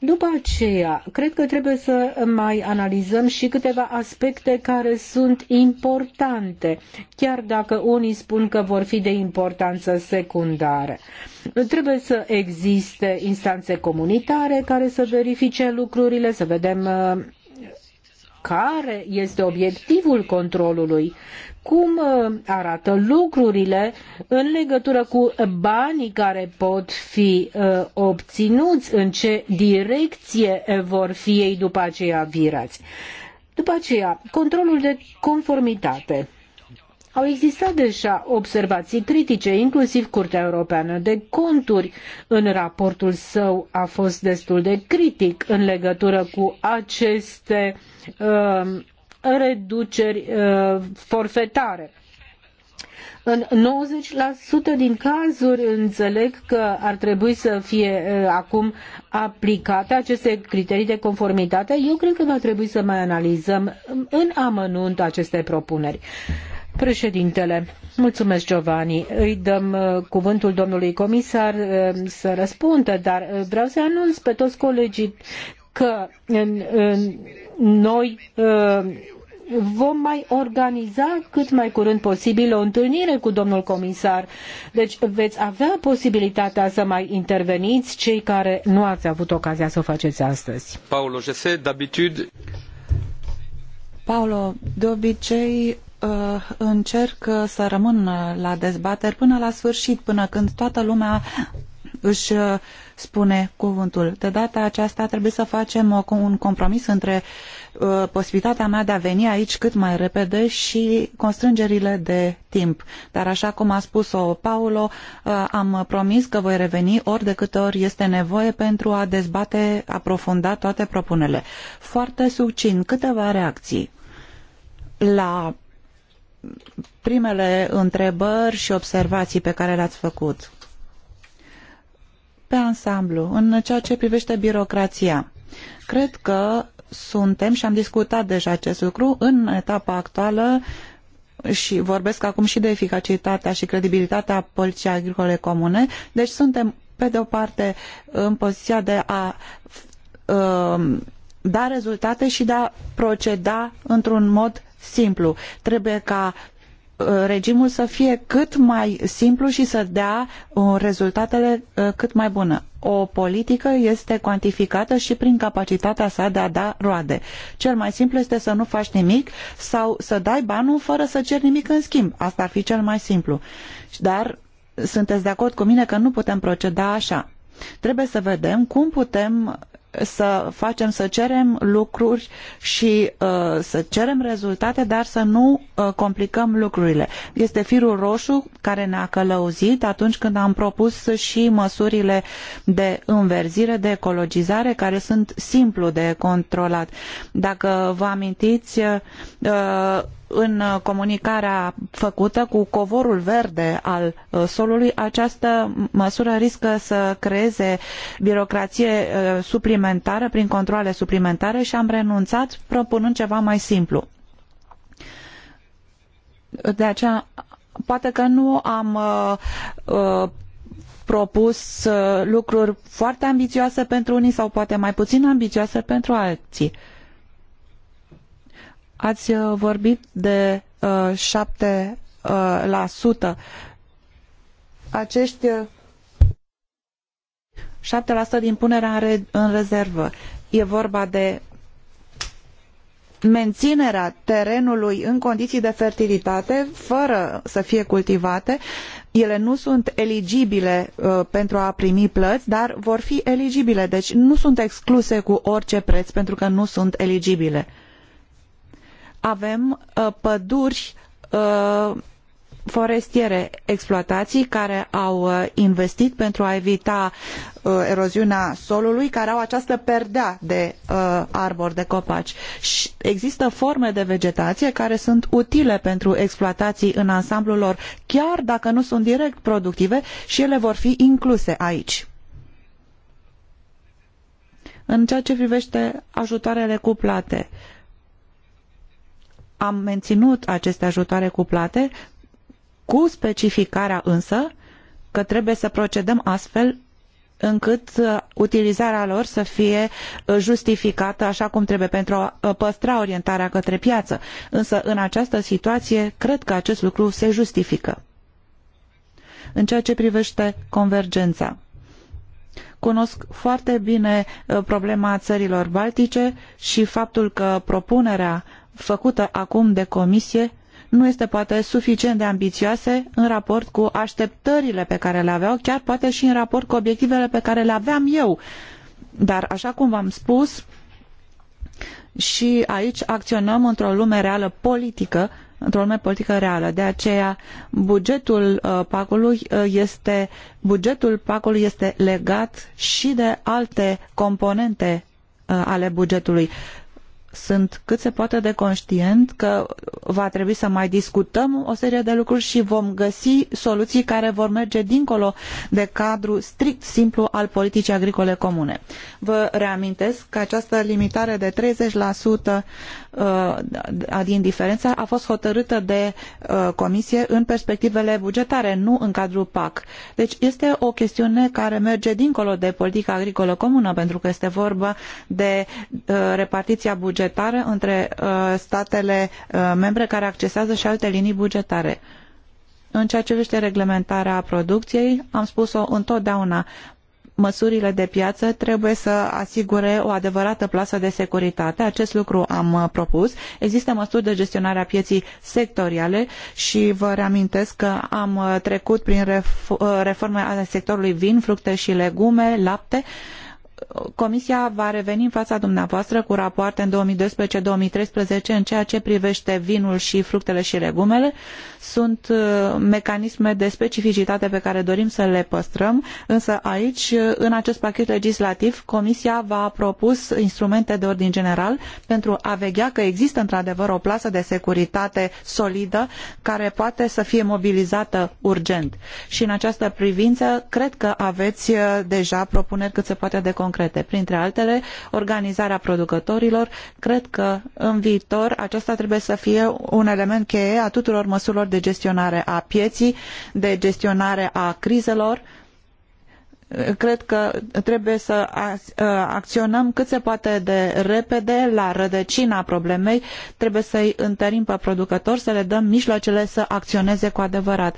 După aceea, cred că trebuie să mai analizăm și câteva aspecte care sunt importante, chiar dacă unii spun că vor fi de importanță secundară. Trebuie să existe instanțe comunitare care să verifice lucrurile, să vedem uh, care este obiectivul controlului, cum uh, arată lucrurile în legătură cu banii care pot fi uh, obținuți, în ce direcție uh, vor fi ei după aceea virați. După aceea, controlul de conformitate. Au existat deja observații critice, inclusiv Curtea Europeană de Conturi în raportul său a fost destul de critic în legătură cu aceste uh, reduceri uh, forfetare. În 90% din cazuri înțeleg că ar trebui să fie uh, acum aplicate aceste criterii de conformitate. Eu cred că va trebui să mai analizăm în amănunt aceste propuneri. Președintele, mulțumesc Giovanni. Îi dăm uh, cuvântul domnului comisar să răspundă, dar vreau să anunț pe toți colegii că noi uh, vom mai organiza cât mai curând posibil o întâlnire cu domnul comisar. Deci veți avea posibilitatea să mai interveniți cei care nu ați avut ocazia să o faceți astăzi. Paolo Jese, d'habitude. Paolo, de obicei uh, încerc uh, să rămân la dezbateri până la sfârșit, până când toată lumea își spune cuvântul. De data aceasta trebuie să facem o, un compromis între uh, posibilitatea mea de a veni aici cât mai repede și constrângerile de timp. Dar așa cum a spus-o Paulo, uh, am promis că voi reveni ori de câte ori este nevoie pentru a dezbate aprofunda toate propunele. Foarte succint, câteva reacții la primele întrebări și observații pe care le-ați făcut pe ansamblu, în ceea ce privește birocrația. Cred că suntem, și am discutat deja acest lucru, în etapa actuală și vorbesc acum și de eficacitatea și credibilitatea poliției agricole comune, deci suntem, pe de o parte, în poziția de a uh, da rezultate și de a proceda într-un mod simplu. Trebuie ca Uh, regimul să fie cât mai simplu și să dea uh, rezultatele uh, cât mai bune. O politică este cuantificată și prin capacitatea sa de a da roade. Cel mai simplu este să nu faci nimic sau să dai banul fără să ceri nimic în schimb. Asta ar fi cel mai simplu. Dar sunteți de acord cu mine că nu putem proceda așa. Trebuie să vedem cum putem să facem, să cerem lucruri și uh, să cerem rezultate, dar să nu uh, complicăm lucrurile. Este firul roșu care ne-a călăuzit atunci când am propus și măsurile de înverzire, de ecologizare, care sunt simplu de controlat. Dacă vă amintiți, uh, în uh, comunicarea făcută cu covorul verde al uh, solului, această măsură riscă să creeze birocrație uh, suplimentară prin controle suplimentare și am renunțat propunând ceva mai simplu. De aceea, poate că nu am uh, propus lucruri foarte ambițioase pentru unii sau poate mai puțin ambițioase pentru alții. Uh, Ați uh, vorbit de uh, uh, șapte la sută. Acești 7% din punerea în, re- în rezervă. E vorba de menținerea terenului în condiții de fertilitate, fără să fie cultivate. Ele nu sunt eligibile uh, pentru a primi plăți, dar vor fi eligibile. Deci nu sunt excluse cu orice preț pentru că nu sunt eligibile avem uh, păduri uh, forestiere, exploatații care au uh, investit pentru a evita eroziunea solului, care au această perdea de arbori, de copaci. Și există forme de vegetație care sunt utile pentru exploatații în ansamblul lor, chiar dacă nu sunt direct productive și ele vor fi incluse aici. În ceea ce privește ajutoarele cuplate, uh, am menținut aceste ajutoare cuplate cu specificarea însă că trebuie să procedăm astfel încât uh, utilizarea lor să fie uh, justificată așa cum trebuie pentru a uh, păstra orientarea către piață. Însă în această situație cred că acest lucru se justifică. În ceea ce privește convergența. Cunosc foarte bine problema țărilor baltice și faptul că propunerea făcută acum de comisie nu este poate suficient de ambițioase în raport cu așteptările pe care le aveau, chiar poate și în raport cu obiectivele pe care le aveam eu. Dar, așa cum v-am spus, și aici acționăm într-o lume reală politică, într-o lume politică reală. De aceea, bugetul uh, pacului uh, este bugetul pacului este legat și de alte componente uh, ale bugetului sunt cât se poate de conștient că va trebui să mai discutăm o serie de lucruri și vom găsi soluții care vor merge dincolo de cadrul strict simplu al politicii agricole comune. Vă reamintesc că această limitare de 30% uh, din diferența a fost hotărâtă de uh, Comisie în perspectivele bugetare, nu în cadrul PAC. Deci este o chestiune care merge dincolo de politica agricolă comună, pentru că este vorba de uh, repartiția bugetară bugetară între uh, statele uh, membre care accesează și alte linii bugetare. În ceea ce privește reglementarea producției, am spus-o întotdeauna, măsurile de piață trebuie să asigure o adevărată plasă de securitate. Acest lucru am uh, propus. Există măsuri de gestionare a pieții sectoriale și vă reamintesc că am trecut prin reforme ale sectorului vin, fructe și legume, lapte. Uh, Comisia va reveni în fața dumneavoastră cu rapoarte în 2012-2013 în ceea ce privește vinul și fructele și legumele. Sunt uh, mecanisme de specificitate pe care dorim să le păstrăm, însă aici, uh, în acest pachet legislativ, Comisia va propus instrumente de ordin general pentru a veghea că există într-adevăr o plasă de securitate solidă care poate să fie mobilizată urgent. Și în această privință, cred că aveți uh, deja propuneri cât se poate de concret concrete, printre altele organizarea producătorilor. Cred că în viitor acesta trebuie să fie un element cheie a tuturor măsurilor de gestionare a pieții, de gestionare a crizelor, cred că trebuie să acționăm cât se poate de repede la rădăcina problemei, trebuie să-i întărim pe producători, să le dăm mijloacele să acționeze cu adevărat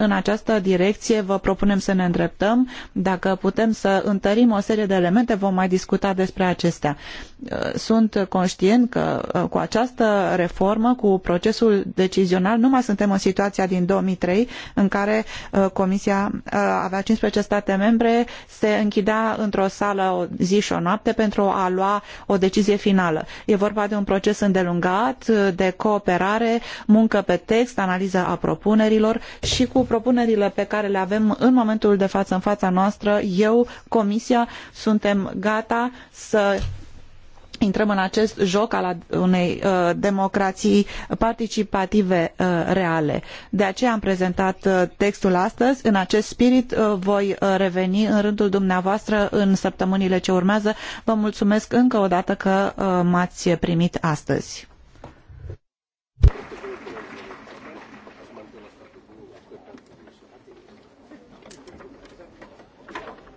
în această direcție vă propunem să ne îndreptăm. Dacă putem să întărim o serie de elemente, vom mai discuta despre acestea. Uh, sunt conștient că uh, cu această reformă, cu procesul decizional, nu mai suntem în situația din 2003 în care uh, Comisia avea 15 state membre, se închidea într-o sală o zi și o noapte pentru a lua o decizie finală. E vorba de un proces îndelungat, de cooperare, muncă pe text, analiză a propunerilor și cu propunerile pe care le avem în momentul de față în fața noastră, eu, Comisia, suntem gata să intrăm în acest joc al unei uh, democrații participative uh, reale. De aceea am prezentat uh, textul astăzi. În acest spirit uh, voi uh, reveni în rândul dumneavoastră în săptămânile ce urmează. Vă mulțumesc încă o dată că uh, m-ați primit astăzi.